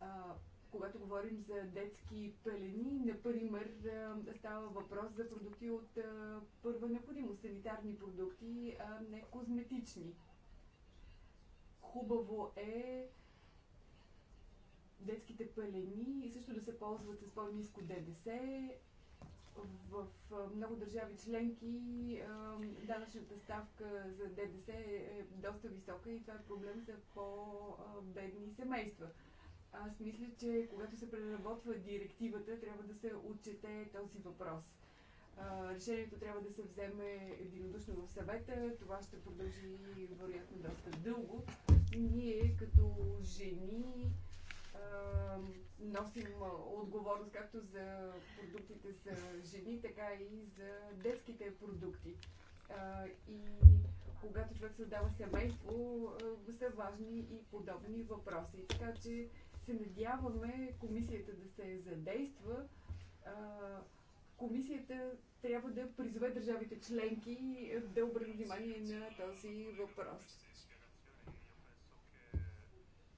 А, когато говорим за детски пелени, например, става въпрос за продукти от първа необходимост, санитарни продукти, а не козметични. Хубаво е детските пелени също да се ползват с по-низко ДДС. В много държави членки данъчната ставка за ДДС е, е доста висока и това е проблем за по-бедни семейства аз мисля, че когато се преработва директивата, трябва да се отчете този въпрос. Решението трябва да се вземе единодушно в съвета. Това ще продължи вероятно доста дълго. Ние като жени носим отговорност както за продуктите за жени, така и за детските продукти. И когато човек създава семейство, са важни и подобни въпроси. Така че се надяваме комисията да се задейства. Комисията трябва да призове държавите членки да обърнат внимание на този въпрос.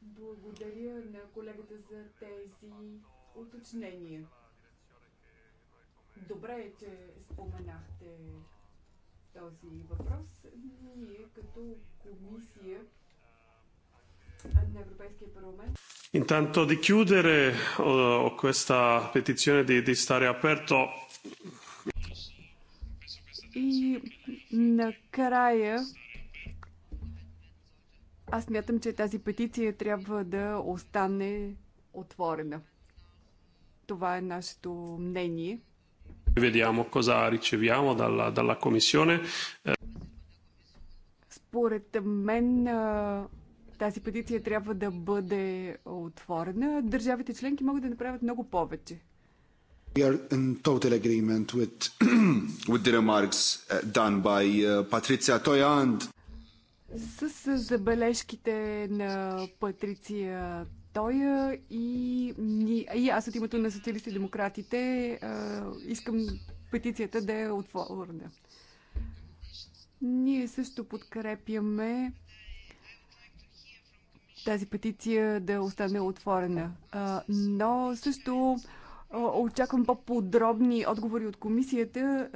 Благодаря на колегата за тези уточнения. Добре е, че споменахте този въпрос. Ние като комисия на Европейския парламент intanto di chiudere oh, questa petizione di, di stare aperto. И накрая аз мятам, че тази петиция трябва да остане отворена. Това е нашето мнение. Видямо, коза ричевямо дала комисионе. Според мен тази петиция трябва да бъде отворена. Държавите членки могат да направят много повече. We are in total agreement with, with the remarks uh, done by uh, Patricia С забележките на Патриция Тоя и, ни, и аз от името на социалисти и демократите искам петицията да е отворена. Ние също подкрепяме тази петиция да остане отворена. Но също очаквам по-подробни отговори от комисията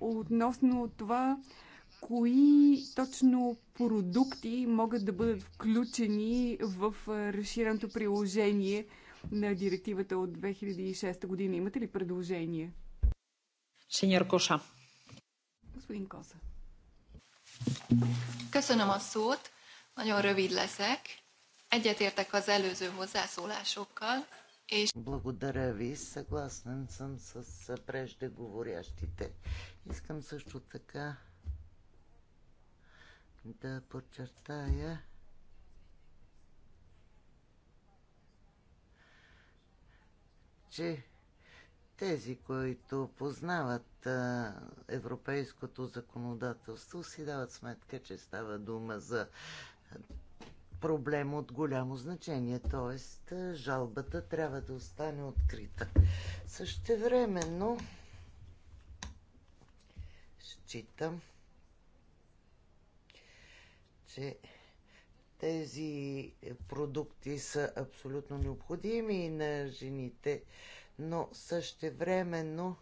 относно това, кои точно продукти могат да бъдат включени в разширеното приложение на директивата от 2006 година. Имате ли предложение? Сеньор Коша. Господин Коса. Късана a Много ръвид лесек. Egyetértek az előző hozzászólásokkal, és... Благодаря ви, съгласен съм с преждеговорящите. Искам също така да подчертая, че тези, които познават а, европейското законодателство, си дават сметка, че става дума за проблем от голямо значение, т.е. жалбата трябва да остане открита. Същевременно считам, че тези продукти са абсолютно необходими на жените, но същевременно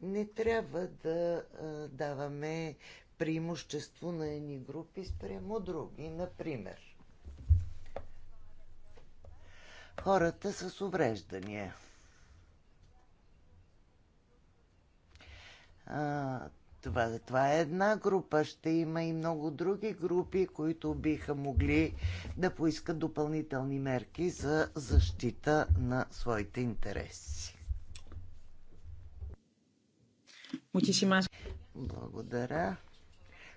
не трябва да даваме преимущество на едни групи спрямо други. Например, хората с увреждания. А, това, това е една група. Ще има и много други групи, които биха могли да поискат допълнителни мерки за защита на своите интереси. Благодаря.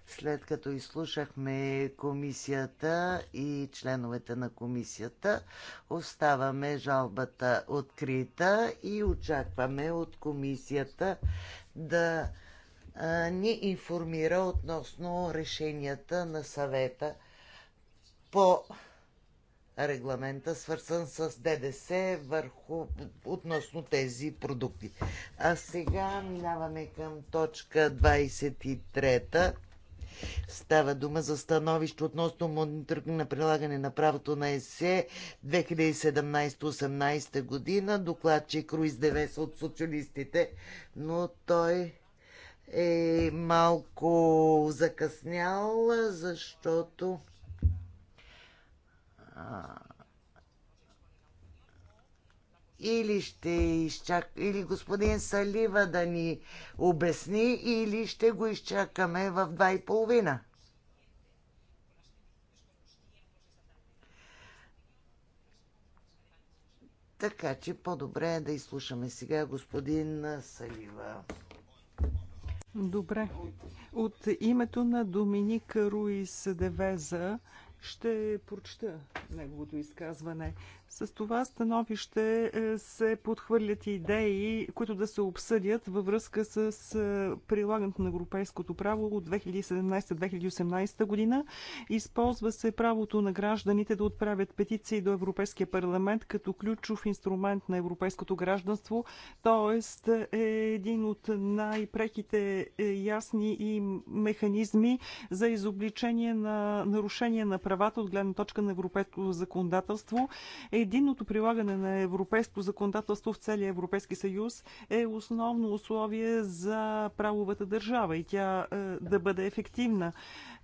След като изслушахме комисията и членовете на комисията, оставаме жалбата открита и очакваме от комисията да ни информира относно решенията на съвета по регламента, свързан с ДДС върху, относно тези продукти. А сега минаваме към точка 23 Става дума за становище относно мониторинг на прилагане на правото на ЕСЕ 2017-18 година. Докладчик Руиз Девес от социалистите, но той е малко закъснял, защото или ще изчак... или господин Салива да ни обясни, или ще го изчакаме в два и половина. Така че по-добре е да изслушаме сега господин Салива. Добре. От името на Доминик Руис Девеза ще прочета неговото изказване. С това становище е, се подхвърлят идеи, които да се обсъдят във връзка с е, прилагането на европейското право от 2017-2018 година. Използва се правото на гражданите да отправят петиции до Европейския парламент като ключов инструмент на европейското гражданство, т.е. е един от най-преките е, ясни и механизми за изобличение на нарушение на правата от гледна точка на европейското законодателство Единното прилагане на европейско законодателство в целия Европейски съюз е основно условие за правовата държава и тя е, да бъде ефективна.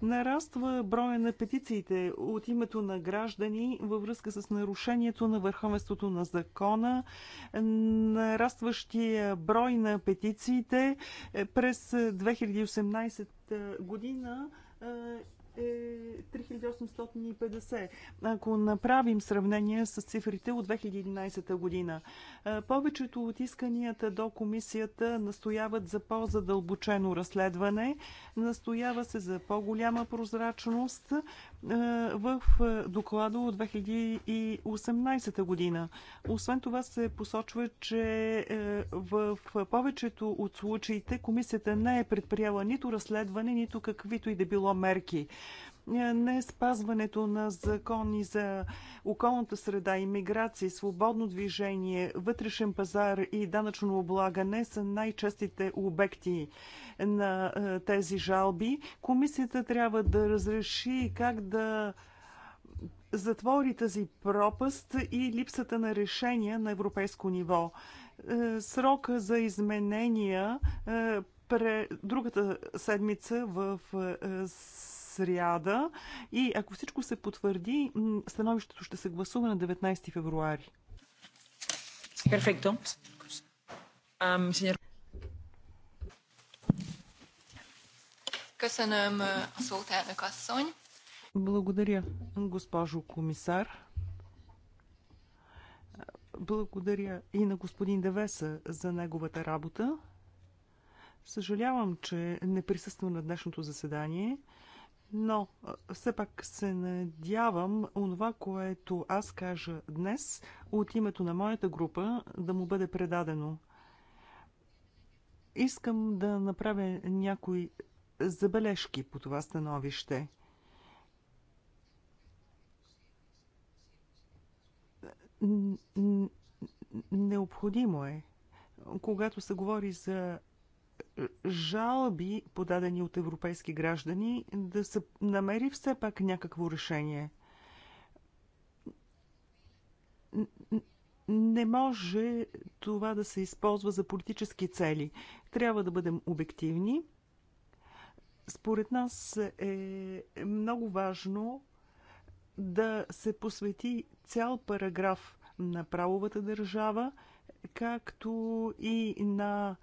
Нараства броя на петициите от името на граждани във връзка с нарушението на върховенството на закона, нарастващия брой на петициите е, през 2018 е, година е 3850. Ако направим сравнение с цифрите от 2011 година, е, повечето от исканията до комисията настояват за по-задълбочено разследване, настоява се за по-голяма прозрачност, е, в доклада от 2018 година. Освен това се посочва, че е, в повечето от случаите комисията не е предприяла нито разследване, нито каквито и да било мерки. Е, не спазването на закони за околната среда, иммиграция, свободно движение, вътрешен пазар и данъчно облагане са най-честите обекти на е, тези жалби. Комисията трябва да разреши как да затвори тази пропаст и липсата на решения на европейско ниво. Е, срока за изменения другата седмица в сряда и ако всичко се потвърди, становището ще се гласува на 19 февруари. Перфекто. Благодаря, госпожо комисар. Благодаря и на господин Девеса за неговата работа. Съжалявам, че не присъства на днешното заседание но все пак се надявам онова, което аз кажа днес от името на моята група да му бъде предадено. Искам да направя някои забележки по това становище. Необходимо е, когато се говори за жалби, подадени от европейски граждани, да се намери все пак някакво решение. Не може това да се използва за политически цели. Трябва да бъдем обективни. Според нас е много важно да се посвети цял параграф на правовата държава, както и на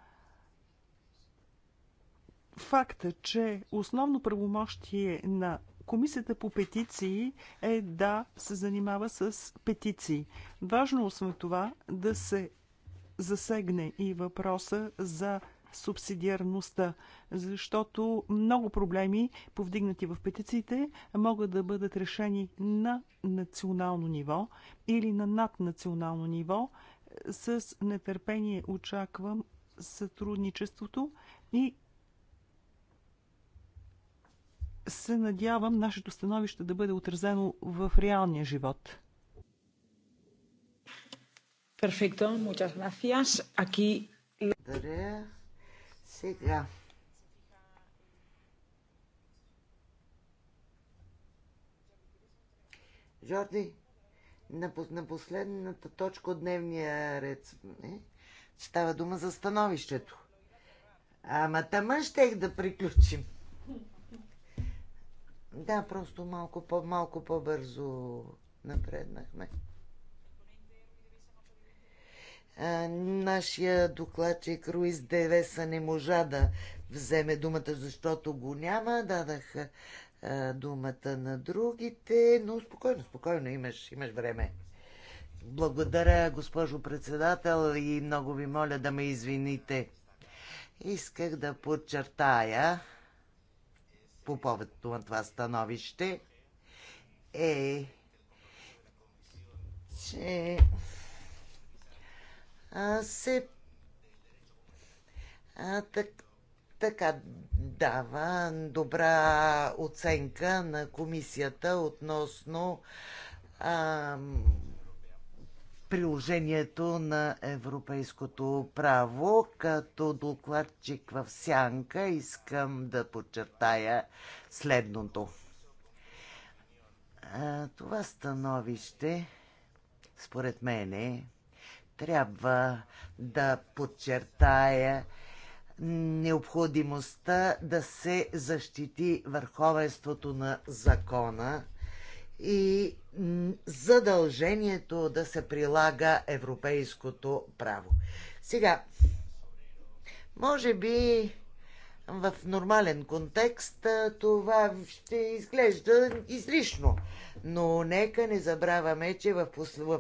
факта, че основно правомощие на Комисията по петиции е да се занимава с петиции. Важно освен това да се засегне и въпроса за субсидиарността, защото много проблеми, повдигнати в петициите, могат да бъдат решени на национално ниво или на наднационално ниво. С нетърпение очаквам сътрудничеството и се надявам нашето становище да бъде отразено в реалния живот. Перфекто, muchas gracias. Aquí... Благодаря. Сега. Жорди, на, последната точка от дневния ред не? става дума за становището. Ама тъмън щех да приключим. Да, просто малко, по, малко по-бързо напреднахме. А, нашия докладчик Руис Девеса не можа да вземе думата, защото го няма. Дадах а, думата на другите, но спокойно, спокойно имаш, имаш време. Благодаря, госпожо председател, и много ви моля да ме извините. Исках да подчертая, по повод на това становище е, че а, се а, так, така дава добра оценка на комисията относно а, приложението на европейското право. Като докладчик в сянка искам да подчертая следното. Това становище, според мене, трябва да подчертая необходимостта да се защити върховенството на закона и задължението да се прилага европейското право. Сега, може би в нормален контекст това ще изглежда излишно. Но нека не забравяме, че в,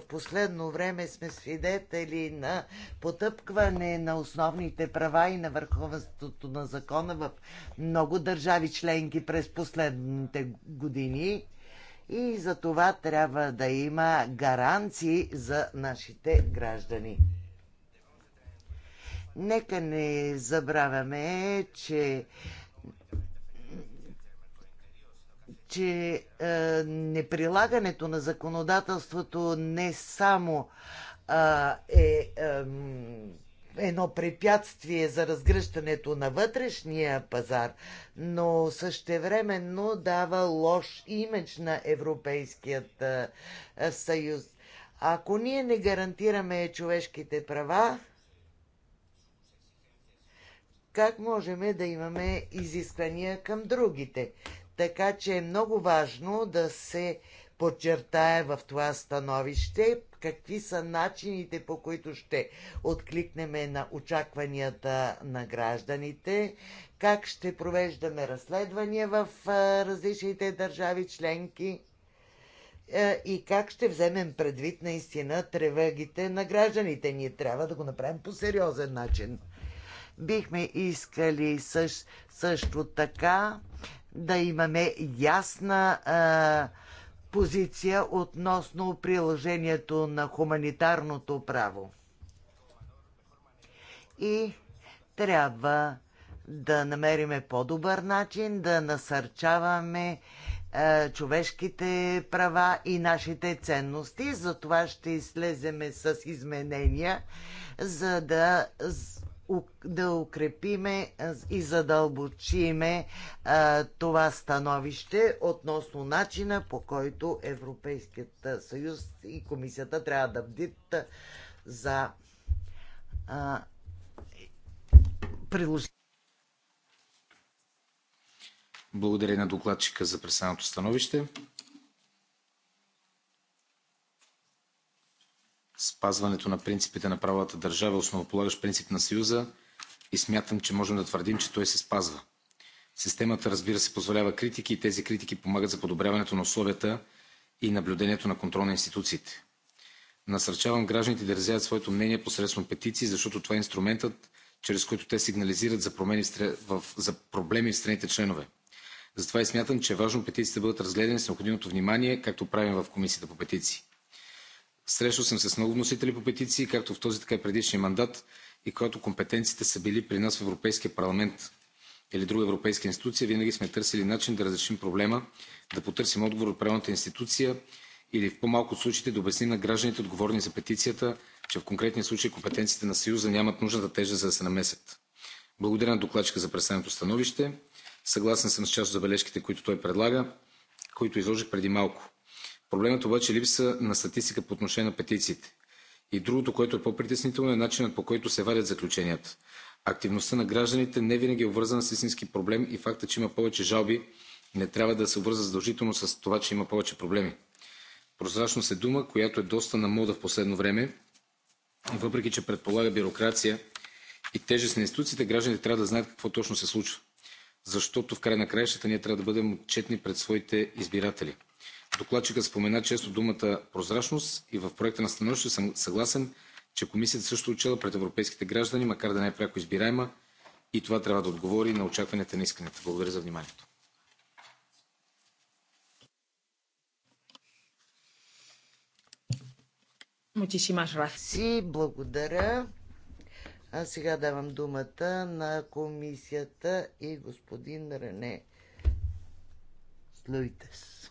последно време сме свидетели на потъпкване на основните права и на върховенството на закона в много държави членки през последните години и за това трябва да има гаранции за нашите граждани. Нека не забравяме, че че е, неприлагането на законодателството не само е, е, е едно препятствие за разгръщането на вътрешния пазар, но същевременно дава лош имидж на Европейският съюз. Ако ние не гарантираме човешките права, как можем да имаме изисквания към другите? Така че е много важно да се подчертая в това становище какви са начините по които ще откликнеме на очакванията на гражданите, как ще провеждаме разследвания в различните държави членки е, и как ще вземем предвид наистина тревъгите на гражданите. Ние трябва да го направим по сериозен начин. Бихме искали също, също така да имаме ясна позиция относно приложението на хуманитарното право. И трябва да намериме по-добър начин да насърчаваме е, човешките права и нашите ценности. Затова ще излеземе с изменения, за да да укрепиме и задълбочиме а, това становище относно начина по който Европейският съюз и комисията трябва да бдит за приложение. Благодаря на докладчика за представеното становище. Спазването на принципите на правовата държава е основополагащ принцип на Съюза и смятам, че можем да твърдим, че той се спазва. Системата, разбира се, позволява критики и тези критики помагат за подобряването на условията и наблюдението на контрол на институциите. Насърчавам гражданите да разявят своето мнение посредством петиции, защото това е инструментът, чрез който те сигнализират за, промени в, стр... в... за проблеми в страните членове. Затова и смятам, че е важно петициите да бъдат разгледани с необходимото внимание, както правим в Комисията по петиции. Срещал съм се с много вносители по петиции, както в този, така и предишния мандат, и когато компетенциите са били при нас в Европейския парламент или друга европейска институция, винаги сме търсили начин да разрешим проблема, да потърсим отговор от правилната институция или в по-малко от случаите да обясним на гражданите, отговорни за петицията, че в конкретния случай компетенциите на Съюза нямат нужната тежест за да се намесят. Благодаря на докладчика за представеното становище. Съгласен съм с част от забележките, които той предлага, които изложих преди малко. Проблемът обаче е липса на статистика по отношение на петициите. И другото, което е по-притеснително, е начинът по който се вадят заключенията. Активността на гражданите не винаги е обвързана с истински проблем и факта, че има повече жалби, не трябва да се обвърза задължително с това, че има повече проблеми. Прозрачност е дума, която е доста на мода в последно време. въпреки, че предполага бюрокрация и тежест на институциите, гражданите трябва да знаят какво точно се случва. Защото в край на краищата ние трябва да бъдем отчетни пред своите избиратели – Докладчика спомена често думата прозрачност и в проекта на становище съм съгласен, че комисията също учела пред европейските граждани, макар да не е пряко избираема, и това трябва да отговори на очакванията на исканията. Благодаря за вниманието. Си, благодаря. А сега давам думата на комисията и господин Рене Слойтес.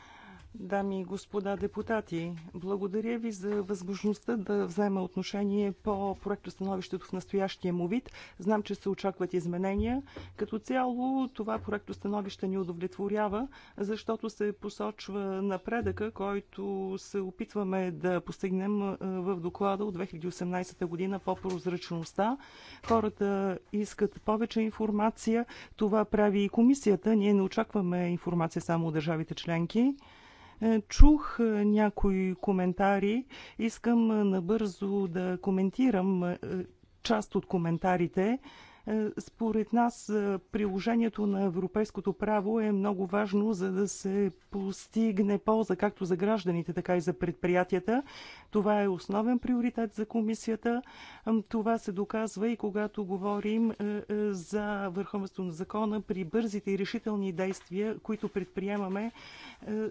Дами и господа депутати, благодаря ви за възможността да взема отношение по проекто становището в настоящия му вид. Знам, че се очакват изменения. Като цяло това проекто становище ни удовлетворява, защото се посочва напредъка, който се опитваме да постигнем е, в доклада от 2018 година по прозрачността. Хората искат повече информация. Това прави и комисията. Ние не очакваме информация само от държавите членки. Е, чух е, някои коментари. Искам е, набързо да коментирам част от коментарите. Е, според нас е, приложението на европейското право е много важно, за да се постигне полза както за гражданите, така и за предприятията. Това е основен приоритет за комисията. Това се доказва и когато говорим е, за върховенство на закона при бързите и решителни действия, които предприемаме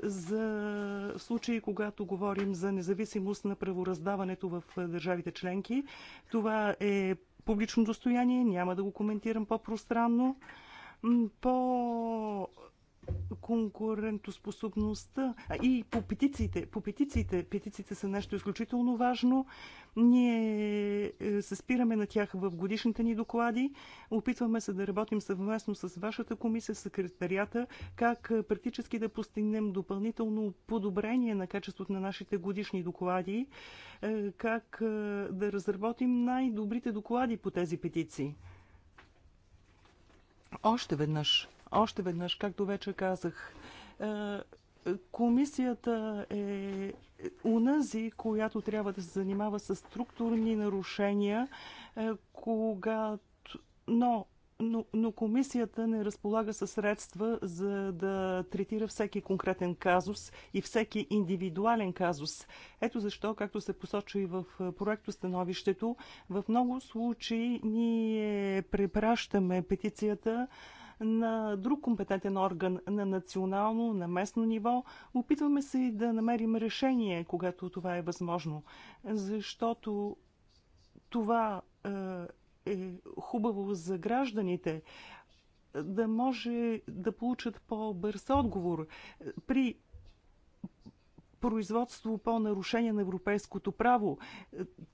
за случаи, когато говорим за независимост на правораздаването в държавите членки. Това е публично достояние, няма да го коментирам по-пространно. По конкурентоспособността и по петициите. По петициите. Петициите са нещо изключително важно. Ние е, се спираме на тях в годишните ни доклади. Опитваме се да работим съвместно с вашата комисия, секретарията, как е, практически да постигнем допълнително подобрение на качеството на нашите годишни доклади, е, как да разработим най-добрите доклади по тези петиции. Още веднъж още веднъж, както вече казах, е, комисията е унази, която трябва да се занимава с структурни нарушения, е, когато но, но, но комисията не разполага със средства за да третира всеки конкретен казус и всеки индивидуален казус. Ето защо, както се посочва и в е, проекто становището, в много случаи ние препращаме петицията на друг компетентен орган на национално, на местно ниво. Опитваме се и да намерим решение, когато това е възможно, защото това е, е хубаво за гражданите да може да получат по-бърз отговор при производство по нарушение на европейското право.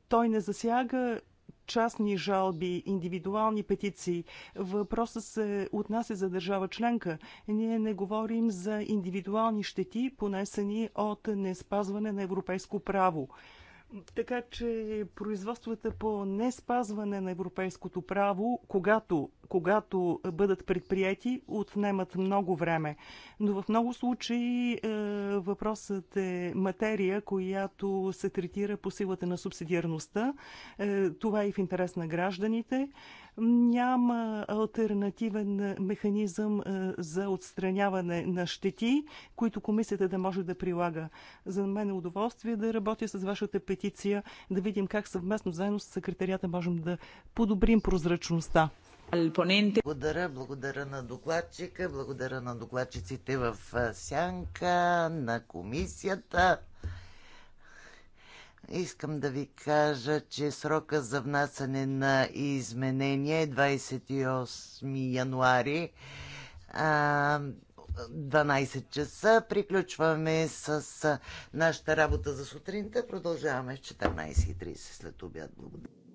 Той не засяга частни жалби, индивидуални петиции. Въпросът се отнася за държава членка. Ние не говорим за индивидуални щети, понесени от неспазване на европейско право. Така че производствата по не спазване на европейското право, когато, когато бъдат предприяти, отнемат много време. Но в много случаи е, въпросът е материя, която се третира по силата на субсидиарността. Е, това е и в интерес на гражданите. Е, няма альтернативен механизъм е, за отстраняване на щети, които комисията да може да прилага. За мен е удоволствие да работя с вашата петиция, да видим как съвместно, заедно с секретарията, можем да подобрим прозрачността. Благодаря, благодаря на докладчика, благодаря на докладчиците в е, Сянка, на комисията. Искам да ви кажа, че срока за внасане на изменения е 28 януари. 12 часа. Приключваме с нашата работа за сутринта. Продължаваме в 14.30 след обяд. Благодаря.